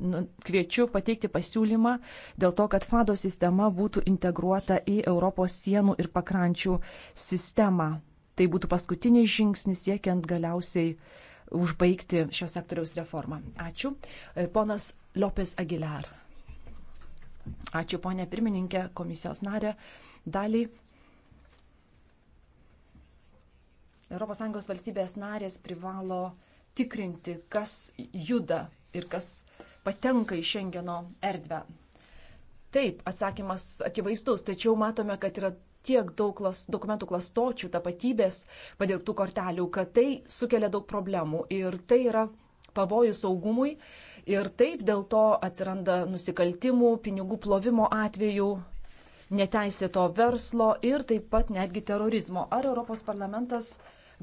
nu, kviečiu pateikti pasiūlymą dėl to, kad fado sistema būtų integruota į Europos sienų ir pakrančių sistemą. Tai būtų paskutinis žingsnis siekiant galiausiai užbaigti šio sektoriaus reformą. Ačiū. Ponas Lopes Aguilar. Ačiū, ponė pirmininkė, komisijos narė. Dalį ES valstybės narės privalo tikrinti, kas juda ir kas patenka į Šengeno erdvę. Taip, atsakymas akivaizdus, tačiau matome, kad yra tiek daug klas, dokumentų klastočių, tapatybės padirbtų kortelių, kad tai sukelia daug problemų ir tai yra pavojus saugumui, uh, Ir taip dėl to atsiranda nusikaltimų, pinigų plovimo atvejų, neteisėto verslo ir taip pat netgi terorizmo. Ar Europos parlamentas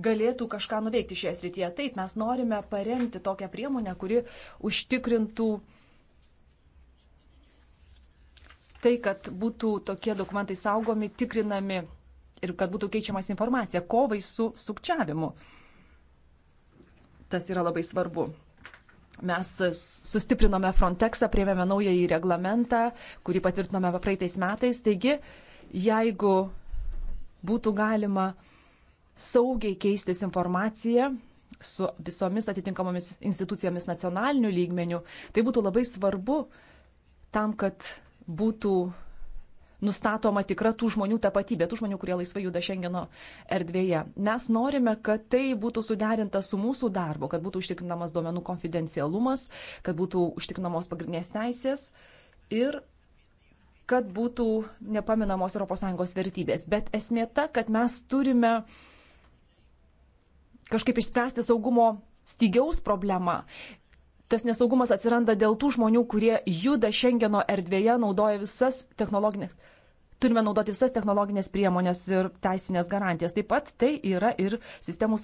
galėtų kažką nuveikti šioje srityje? Taip, mes norime paremti tokią priemonę, kuri užtikrintų tai, kad būtų tokie dokumentai saugomi, tikrinami ir kad būtų keičiamas informacija kovai su sukčiavimu. Tas yra labai svarbu. Mes sustiprinome Frontexą, priemėme naująjį reglamentą, kurį patvirtinome praeitais metais. Taigi, jeigu būtų galima saugiai keistis informaciją su visomis atitinkamomis institucijomis nacionaliniu lygmeniu, tai būtų labai svarbu tam, kad būtų nustatoma tikra tų žmonių tapatybė, tų žmonių, kurie laisvai juda Šengeno erdvėje. Mes norime, kad tai būtų suderinta su mūsų darbu, kad būtų užtikrinamas duomenų konfidencialumas, kad būtų užtikrinamos pagrindinės teisės ir kad būtų nepaminamos ES vertybės. Bet esmė ta, kad mes turime kažkaip išspręsti saugumo stygiaus problemą tas nesaugumas atsiranda dėl tų žmonių, kurie juda Schengeno erdvėje, naudoja visas technologinės. Turime naudoti visas technologinės priemonės ir teisinės garantijas. Taip pat tai yra ir sistemų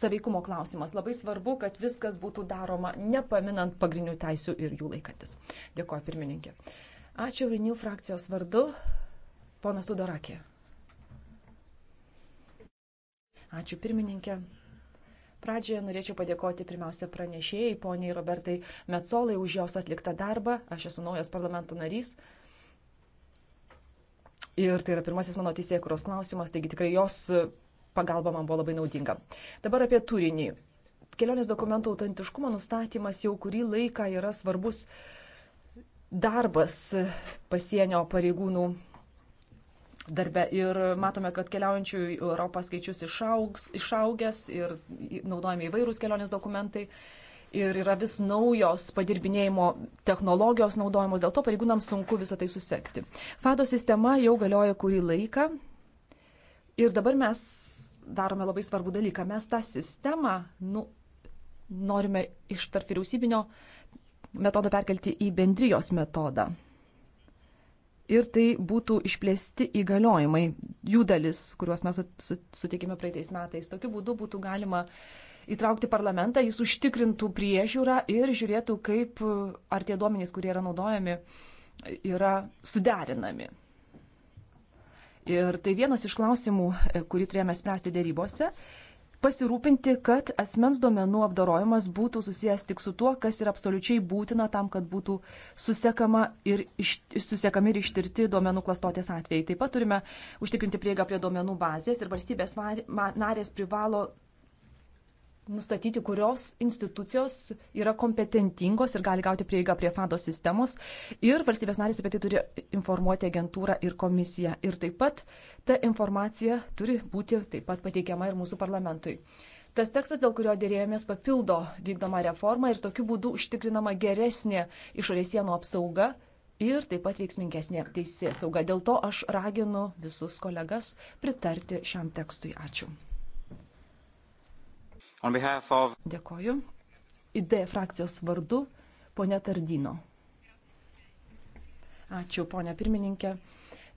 saveikumo klausimas. Labai svarbu, kad viskas būtų daroma nepaminant pagrindinių teisių ir jų laikantis. Dėkuoju, pirmininkė. Ačiū Renew frakcijos vardu, ponas Tudorakė. Ačiū pirmininkė. Pradžioje norėčiau padėkoti pirmiausia pranešėjai, poniai Robertai Metsolai, už jos atliktą darbą. Aš esu naujas parlamento narys. Ir tai yra pirmasis mano teisėkuros klausimas, taigi tikrai jos pagalba man buvo labai naudinga. Dabar apie turinį. Kelionės dokumentų autentiškumo nustatymas jau kurį laiką yra svarbus darbas pasienio pareigūnų darbe. Ir matome, kad keliaujančių į Europą skaičius išaugs, išaugęs ir naudojami įvairūs kelionės dokumentai. Ir yra vis naujos padirbinėjimo technologijos naudojamos, dėl to pareigūnams sunku visą tai susekti. Fado sistema jau galioja kurį laiką ir dabar mes darome labai svarbų dalyką. Mes tą sistemą nu, norime iš tarp vyriausybinio metodo perkelti į bendrijos metodą ir tai būtų išplėsti įgaliojimai, jų dalis, kuriuos mes sutikime praeitais metais. Tokiu būdu būtų galima įtraukti parlamentą, jis užtikrintų priežiūrą ir žiūrėtų, kaip e, ar tie duomenys, kurie yra naudojami, yra suderinami. Ir tai vienas iš klausimų, e, kurį turėjome spręsti dėrybose pasirūpinti, kad asmens duomenų apdarojimas būtų susijęs tik su tuo, kas yra absoliučiai būtina tam, kad būtų susekama ir iš, susekami ir ištirti duomenų klastotės atvejai. Taip pat turime užtikrinti prieigą prie duomenų bazės ir valstybės narės privalo nustatyti, kurios institucijos yra kompetentingos ir gali gauti prieigą prie fado sistemos. Ir valstybės narės apie tai turi informuoti agentūrą ir komisiją. Ir taip pat ta informacija turi būti taip pat pateikiama ir mūsų parlamentui. Tas tekstas, dėl kurio dėrėjomės, papildo vykdomą reformą ir tokiu būdu užtikrinama geresnė išorės sienų apsauga ir taip pat veiksmingesnė teisė sauga. Dėl to aš raginu visus kolegas pritarti šiam tekstui. Ačiū. Of... Dėkoju. ID frakcijos vardu ponė Tardino. Ačiū, ponė pirmininkė.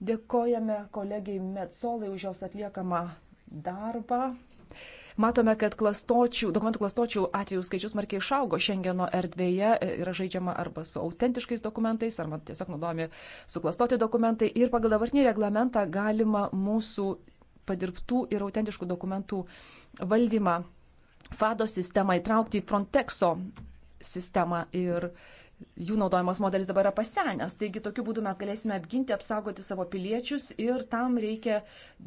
Dėkojame kolegiai Metsolai už jos atliekamą darbą. Matome, kad klastočių, dokumentų klastočių atvejų skaičius markiai išaugo Šengeno erdvėje, yra žaidžiama arba su autentiškais dokumentais, arba tiesiog naudojami suklastoti dokumentai. Ir pagal dabartinį reglamentą galima mūsų padirbtų ir autentiškų dokumentų valdymą FADO sistemą įtraukti į Frontexo sistemą ir jų naudojamas modelis dabar yra pasenęs. Taigi tokiu būdu mes galėsime apginti, apsaugoti savo piliečius ir tam reikia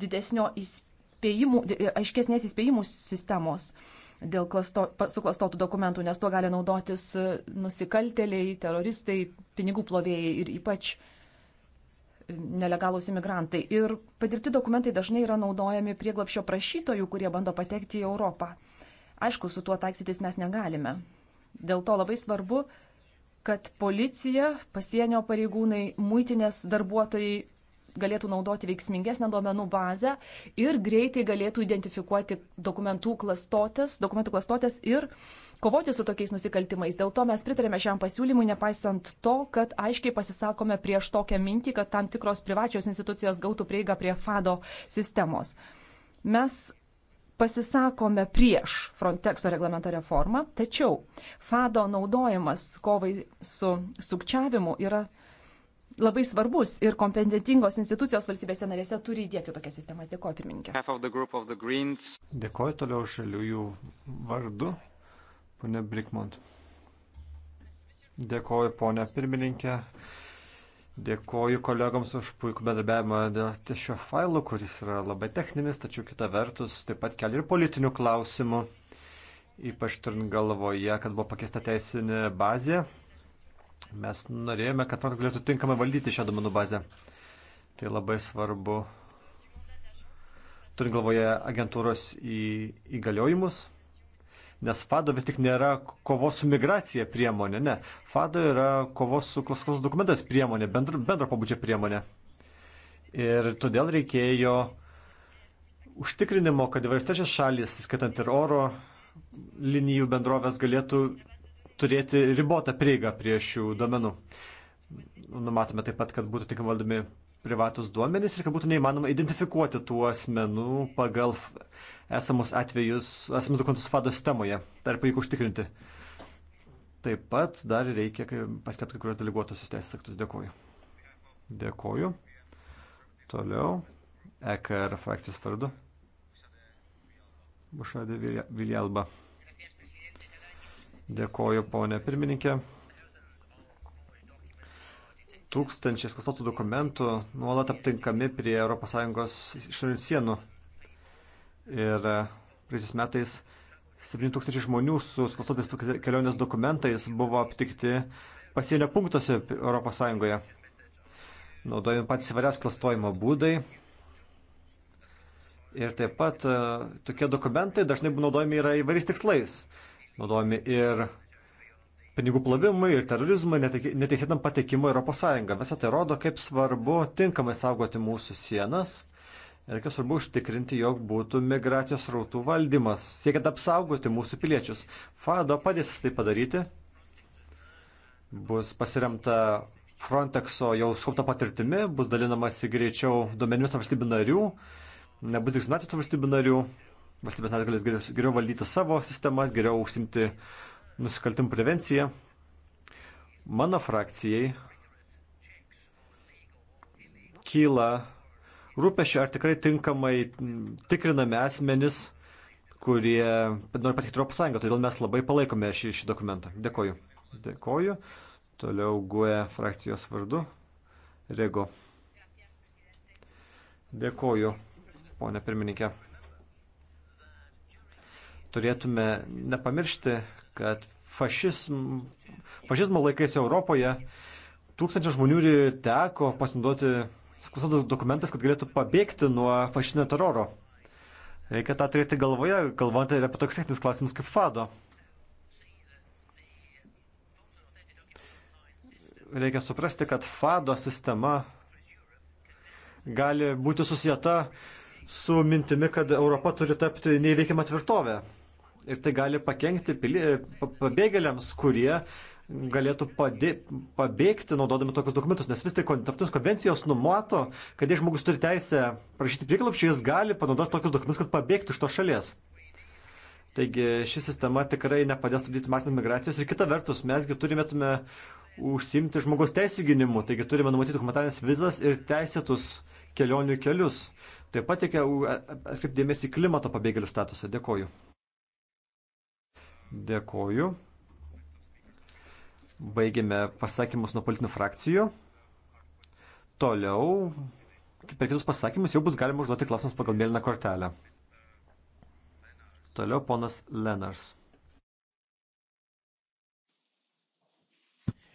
didesnio įspėjimų, aiškesnės įspėjimų sistemos dėl klasto, suklastotų dokumentų, nes tuo gali naudotis nusikalteliai, teroristai, pinigų plovėjai ir ypač nelegalūs imigrantai. Ir padirbti dokumentai dažnai yra naudojami prieglapšio prašytojų, kurie bando patekti į Europą. Aišku, su tuo taiksytis mes negalime. Dėl to labai svarbu, kad policija, pasienio pareigūnai, muitinės darbuotojai galėtų naudoti veiksmingesnę duomenų bazę ir greitai galėtų identifikuoti dokumentų klastotės, dokumentų klastotės ir kovoti su tokiais nusikaltimais. Dėl to mes pritarėme šiam pasiūlymui, nepaisant to, kad aiškiai pasisakome prieš tokią mintį, kad tam tikros privačios institucijos gautų prieigą prie FADO sistemos. Mes pasisakome prieš Frontexo reglamento reformą, tačiau fado naudojimas kovai su sukčiavimu yra labai svarbus ir kompetentingos institucijos valstybėse narėse turi įdėti tokias sistemas. Dėkoju, pirmininkė. Dėkoju toliau žaliųjų vardu, ponė Brikmont. Dėkoju, ponė pirmininkė. Dėkoju kolegams už puikų bendrabiavimą dėl šio failo, kuris yra labai techninis, tačiau kita vertus taip pat kelia ir politinių klausimų, ypač turint galvoje, kad buvo pakeista teisinė bazė. Mes norėjome, kad man galėtų tinkamai valdyti šią domenų bazę. Tai labai svarbu, turint galvoje agentūros į, įgaliojimus nes FADO vis tik nėra kovos su migracija priemonė, ne. FADO yra kovos su klasikos dokumentas priemonė, bendro, bendro pabudžio priemonė. Ir todėl reikėjo užtikrinimo, kad įvairios trečios šalis, skaitant ir oro linijų bendrovės, galėtų turėti ribotą prieigą prie šių duomenų. Numatome taip pat, kad būtų tik valdomi privatus duomenys ir kad būtų neįmanoma identifikuoti tų asmenų pagal esamus atvejus, esamus dokumentus fado sistemoje. Ar pavyko užtikrinti? Taip pat dar reikia paskelbti kai kurios deleguotusius teisės aktus. Dėkuoju. Dėkuoju. Toliau. EKR frakcijos vardu. Bušadė Viljalba. Dėkuoju, ponė pirmininkė tūkstančiais klastotų dokumentų nuolat aptinkami prie ES išorinių sienų. Ir e, praeisiais metais 7000 žmonių su suklastotais kelionės dokumentais buvo aptikti pasienio punktuose ES. Naudojami patys įvairias klastojimo būdai. Ir taip pat e, tokie dokumentai dažnai būna naudojami yra įvairiais tikslais. Naudojami ir pinigų plovimui, ir terorizmui, neteisėtam patekimui ES. Visą tai rodo, kaip svarbu tinkamai saugoti mūsų sienas Ir kas svarbu užtikrinti, jog būtų migracijos rautų valdymas, siekiant apsaugoti mūsų piliečius. FADO padės tai padaryti. Bus pasiremta Frontexo jau skaupta patirtimi, bus dalinamasi greičiau duomenimis tarp valstybių narių, nebus diskriminacijos tarp valstybių narių, valstybės narės galės geriau, geriau valdyti savo sistemas, geriau užsimti nusikaltimų prevenciją. Mano frakcijai kyla rūpešio, ar tikrai tinkamai tikriname asmenis, kurie nori patikti Europos Sąjungą. Todėl mes labai palaikome šį, šį dokumentą. Dėkoju. Dėkoju. Toliau guoja e frakcijos vardu. Rego. Dėkoju, ponė pirmininkė. Turėtume nepamiršti, kad fašizm, fašizmo laikais Europoje tūkstančiai žmonių teko pasinaudoti sklausot dokumentas, kad galėtų pabėgti nuo fašinio teroro. Reikia tą turėti galvoje, galvojant ir apie toks techninis klausimus kaip fado. Reikia suprasti, kad fado sistema gali būti susijęta su mintimi, kad Europa turi tapti neįveikiamą tvirtovę. Ir tai gali pakengti pabėgėliams, kurie galėtų padė, pabėgti naudodami tokius dokumentus, nes vis tik tarptautinės konvencijos numato, kad jei žmogus turi teisę prašyti prieglapšį, jis gali panaudoti tokius dokumentus, kad pabėgtų iš to šalies. Taigi ši sistema tikrai nepadės stabdyti masinės migracijos ir kita vertus, mesgi turimėtume užsimti žmogaus teisų gynimu, taigi turime numatyti humanitarinės vizas ir teisėtus kelionių kelius. Taip pat reikia atkreipdėmėsi klimato pabėgėlių statusą. Dėkoju. Dėkoju. Baigėme pasakymus nuo politinių frakcijų. Toliau, per kitus pasakymus jau bus galima užduoti klausimus pagal mėlyną kortelę. Toliau ponas Lenars.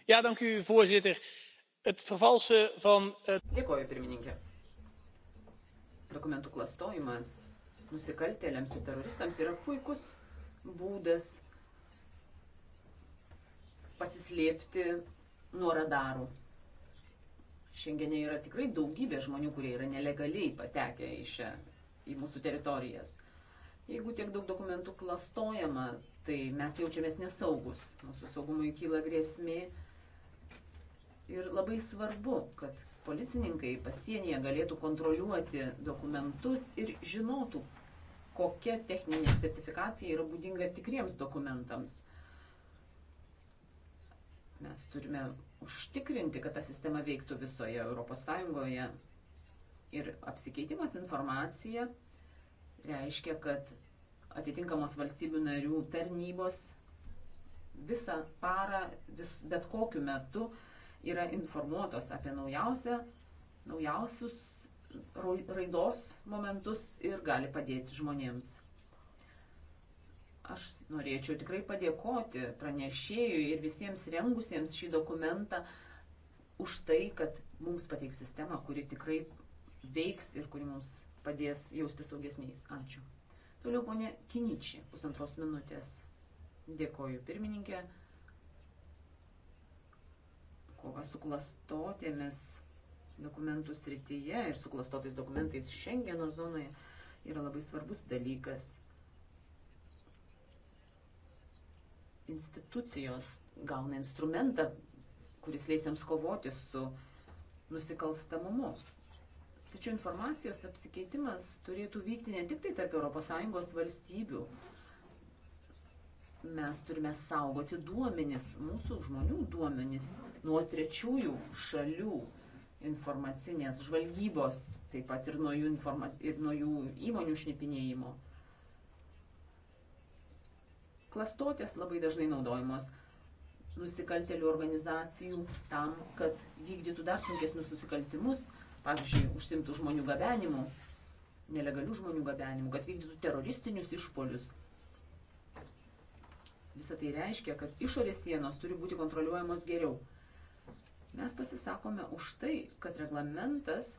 Ja, dank u, voorzitter. Het vervalsen van. Dėkoju, pirmininkė. Dokumentų klastojimas nusikaltėliams ir teroristams yra puikus būdas pasislėpti nuo radarų. Šiandien yra tikrai daugybė žmonių, kurie yra nelegaliai patekę į, šią, į mūsų teritorijas. Jeigu tiek daug dokumentų klastojama, tai mes jaučiamės nesaugus, mūsų saugumui kyla grėsmė. Ir labai svarbu, kad policininkai pasienyje galėtų kontroliuoti dokumentus ir žinotų, kokia techninė specifikacija yra būdinga tikriems dokumentams. Mes turime užtikrinti, kad ta sistema veiktų visoje ES ir apsikeitimas informacija reiškia, kad atitinkamos valstybių narių tarnybos visą parą, vis, bet kokiu metu yra informuotos apie naujausią, naujausius raidos momentus ir gali padėti žmonėms. Aš norėčiau tikrai padėkoti pranešėjui ir visiems rengusiems šį dokumentą už tai, kad mums pateiks sistemą, kuri tikrai veiks ir kuri mums padės jausti saugesniais. Ačiū. Toliau ponė Kiničiai, pusantros minutės. Dėkoju pirmininkė. Kova su klastotėmis dokumentų srityje ir su klastotais dokumentais Šengeno zonoje yra labai svarbus dalykas. institucijos gauna instrumentą, kuris leis joms kovoti su nusikalstamumu. Tačiau informacijos apsikeitimas turėtų vykti ne tik tai tarp ES valstybių. Mes turime saugoti duomenis, mūsų žmonių duomenis nuo trečiųjų šalių informacinės žvalgybos, taip pat ir nuo jų, informa ir nuo jų įmonių šnipinėjimo klastotės labai dažnai naudojamos nusikaltelių organizacijų tam, kad vykdytų dar sunkesnius nusikaltimus, pavyzdžiui, užsimtų žmonių gabenimu, nelegalių žmonių gabenimu, kad vykdytų teroristinius išpolius. Visą tai reiškia, kad išorės sienos turi būti kontroliuojamos geriau. Mes pasisakome už tai, kad reglamentas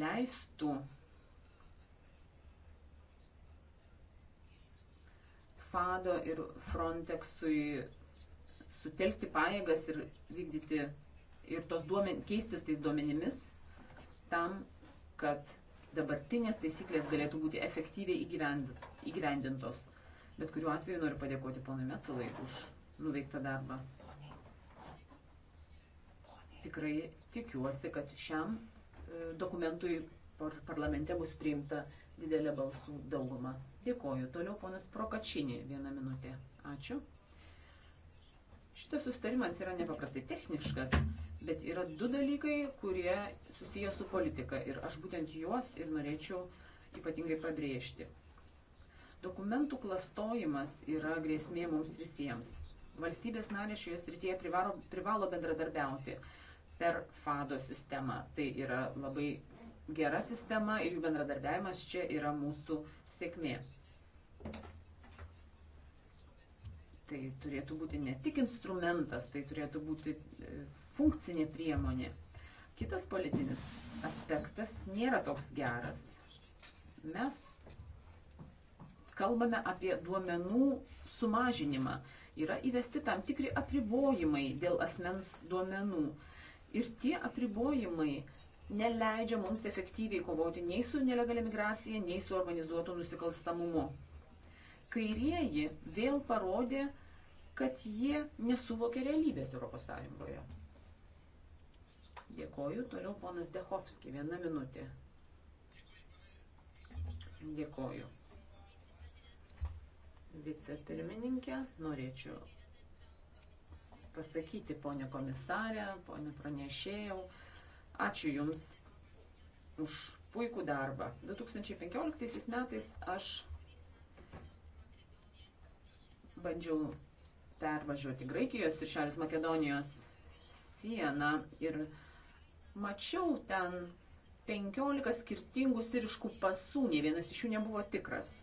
leistų FADO ir Frontexui sutelkti pajėgas ir vykdyti ir tos duomen, keistis tais duomenimis tam, kad dabartinės taisyklės galėtų būti efektyviai įgyvendintos. Bet kuriuo atveju noriu padėkoti ponui Metsulai už nuveiktą darbą. Tikrai tikiuosi, kad šiam e, dokumentui parlamente bus priimta didelė balsų dauguma. Dėkoju. Toliau ponas Prokačinį vieną minutę. Ačiū. Šitas sustarimas yra nepaprastai techniškas, bet yra du dalykai, kurie susiję su politika ir aš būtent juos ir norėčiau ypatingai pabrėžti. Dokumentų klastojimas yra grėsmė mums visiems. Valstybės narė šioje srityje privaro, privalo bendradarbiauti per FADO sistemą. Tai yra labai gera sistema ir jų bendradarbiavimas čia yra mūsų sėkmė. Tai turėtų būti ne tik instrumentas, tai turėtų būti e, funkcinė priemonė. Kitas politinis aspektas nėra toks geras. Mes kalbame apie duomenų sumažinimą. Yra įvesti tam tikri apribojimai dėl asmens duomenų. Ir tie apribojimai neleidžia mums efektyviai kovoti nei su nelegalia migracija, nei su organizuotu nusikalstamumu. Kairieji vėl parodė, kad jie nesuvokė realybės ES. Dėkoju, toliau ponas Dehovski, viena minutė. Dėkoju. Vicepirmininkė, norėčiau pasakyti, ponė komisarė, ponė pranešėjau, Ačiū Jums už puikų darbą. 2015 metais aš bandžiau pervažiuoti Graikijos ir Šiaurės Makedonijos sieną ir mačiau ten 15 skirtingų siriškų pasų, nei vienas iš jų nebuvo tikras.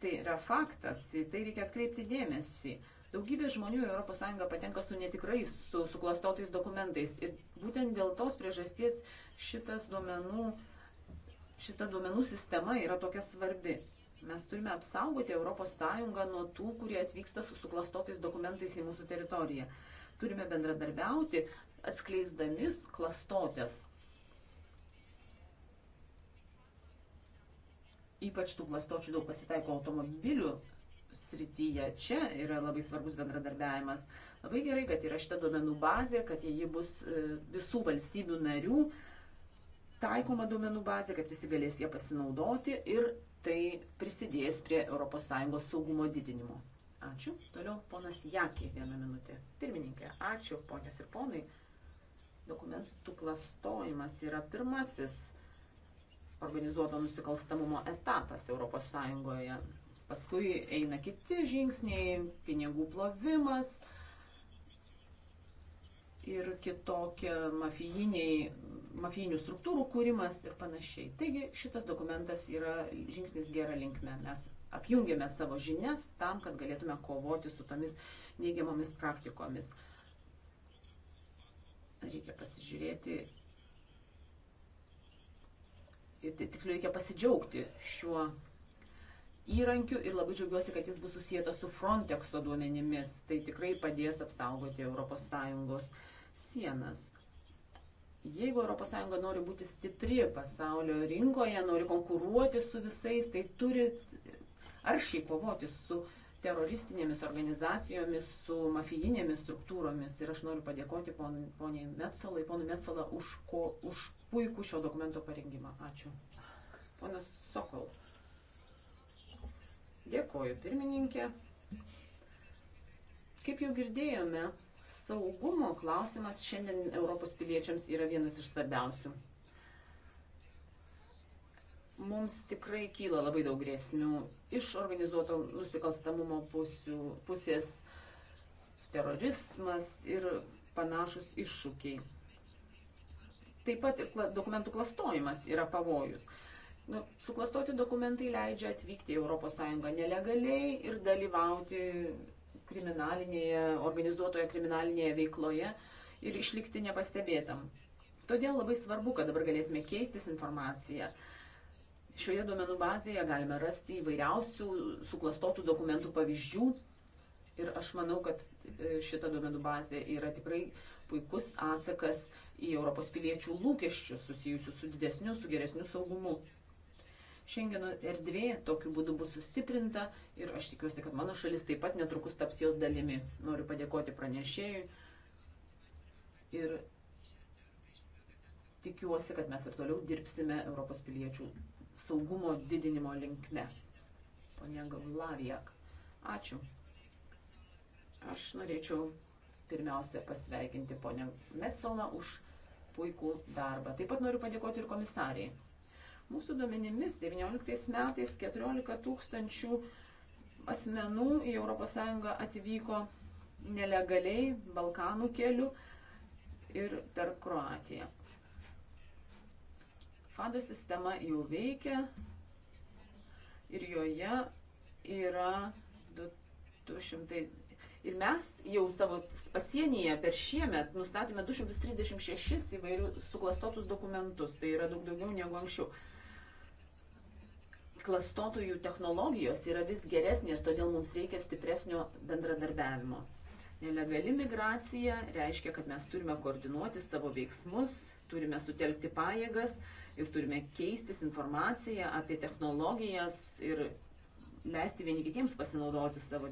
Tai yra faktas, į tai reikia atkreipti dėmesį. Daugybė žmonių į ES patenka su netikrais, su suklastotais dokumentais. Ir būtent dėl tos priežasties šitas duomenų, šita duomenų sistema yra tokia svarbi. Mes turime apsaugoti ES nuo tų, kurie atvyksta su suklastotais dokumentais į mūsų teritoriją. Turime bendradarbiauti, atskleisdami klastotės. Ypač tų klastočių daug pasitaiko automobilių srityje. Čia yra labai svarbus bendradarbiavimas. Labai gerai, kad yra šita duomenų bazė, kad ji bus e, visų valstybių narių taikoma duomenų bazė, kad visi galės ją pasinaudoti ir tai prisidės prie ES saugumo didinimo. Ačiū. Toliau ponas Jakė vieną minutę. Pirmininkė, ačiū ponės ir ponai. Dokumentų klastojimas yra pirmasis organizuoto nusikalstamumo etapas ES Paskui eina kiti žingsniai, pinigų plovimas ir kitokie mafijiniai, mafijinių struktūrų kūrimas ir panašiai. Taigi šitas dokumentas yra žingsnis gera linkme. Mes apjungiame savo žinias tam, kad galėtume kovoti su tomis neigiamomis praktikomis. Reikia pasižiūrėti tiksliau reikia pasidžiaugti šiuo įrankiu ir labai džiaugiuosi, kad jis bus susijęs su Frontexo duomenimis. Tai tikrai padės apsaugoti ES sienas. Jeigu ES nori būti stipri pasaulio rinkoje, nori konkuruoti su visais, tai turi aršiai kovoti su teroristinėmis organizacijomis, su mafijinėmis struktūromis. Ir aš noriu padėkoti poniai Metsolai, ponui Metsola už, ko, už puikų šio dokumento parengimą. Ačiū. Ponas Sokol. Dėkoju, pirmininkė. Kaip jau girdėjome, saugumo klausimas šiandien Europos piliečiams yra vienas iš svarbiausių. Mums tikrai kyla labai daug grėsmių iš organizuoto nusikalstamumo pusių, pusės, terorizmas ir panašus iššūkiai. Taip pat ir dokumentų klastojimas yra pavojus. Nu, suklastoti dokumentai leidžia atvykti į ES nelegaliai ir dalyvauti kriminalinėje, organizuotoje kriminalinėje veikloje ir išlikti nepastebėtam. Todėl labai svarbu, kad dabar galėsime keistis informaciją. Šioje duomenų bazėje galime rasti įvairiausių suklastotų dokumentų pavyzdžių ir aš manau, kad e, šita duomenų bazė yra tikrai puikus atsakas į Europos piliečių lūkesčius susijusius su didesniu, su geresniu saugumu. Šengeno erdvė tokiu būdu bus sustiprinta ir aš tikiuosi, kad mano šalis taip pat netrukus taps jos dalimi. Noriu padėkoti pranešėjui ir tikiuosi, kad mes ir toliau dirbsime Europos piliečių saugumo didinimo linkme. Pone Gavlaviak, ačiū. Aš norėčiau pirmiausia pasveikinti ponę Metzola už puikų darbą. Taip pat noriu padėkoti ir komisariai. Mūsų duomenimis 19 metais 14 tūkstančių asmenų į ES atvyko nelegaliai Balkanų keliu ir per Kroatiją. Fado sistema jau veikia ir joje yra 200. Ir mes jau savo pasienyje per šiemet nustatėme 236 įvairių suklastotus dokumentus. Tai yra daug daugiau negu anksčiau klastotojų technologijos yra vis geresnės, todėl mums reikia stipresnio bendradarbiavimo. Nelegali migracija reiškia, kad mes turime koordinuoti savo veiksmus, turime sutelkti pajėgas ir turime keistis informaciją apie technologijas ir leisti vieni kitiems pasinaudoti savo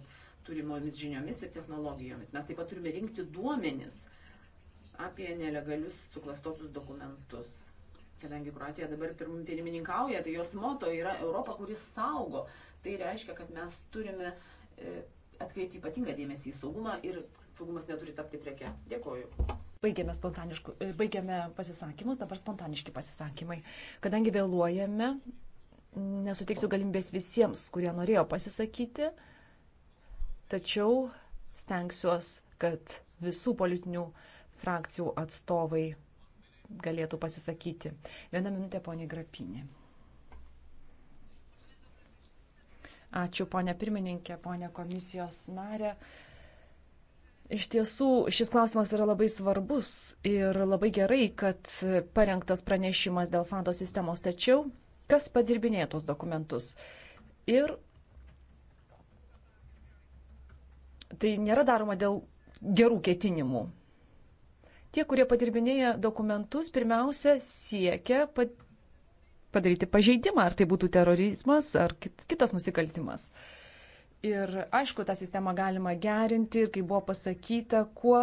turimomis žiniomis ir technologijomis. Mes taip pat turime rinkti duomenis apie nelegalius suklastotus dokumentus. Kadangi Kroatija dabar pirmininkauja, tai jos moto yra Europa, kuris saugo. Tai reiškia, kad mes turime e, atkreipti ypatingą dėmesį į saugumą ir saugumas neturi tapti prieke. Dėkoju. Baigėme, baigėme pasisakymus, dabar spontaniški pasisakymai. Kadangi vėluojame, nesuteiksiu galimybės visiems, kurie norėjo pasisakyti, tačiau stengsiuos, kad visų politinių frakcijų atstovai galėtų pasisakyti. Vieną minutę, ponė Grapinė. Ačiū, ponė pirmininkė, ponė komisijos narė. Iš tiesų, šis klausimas yra labai svarbus ir labai gerai, kad parengtas pranešimas dėl fando sistemos, tačiau kas padirbinėja tuos dokumentus. Ir tai nėra daroma dėl gerų ketinimų. Tie, kurie padirbinėja dokumentus, pirmiausia siekia padaryti pažeidimą, ar tai būtų terorizmas, ar kitas nusikaltimas. Ir aišku, tą sistemą galima gerinti ir, kaip buvo pasakyta, kuo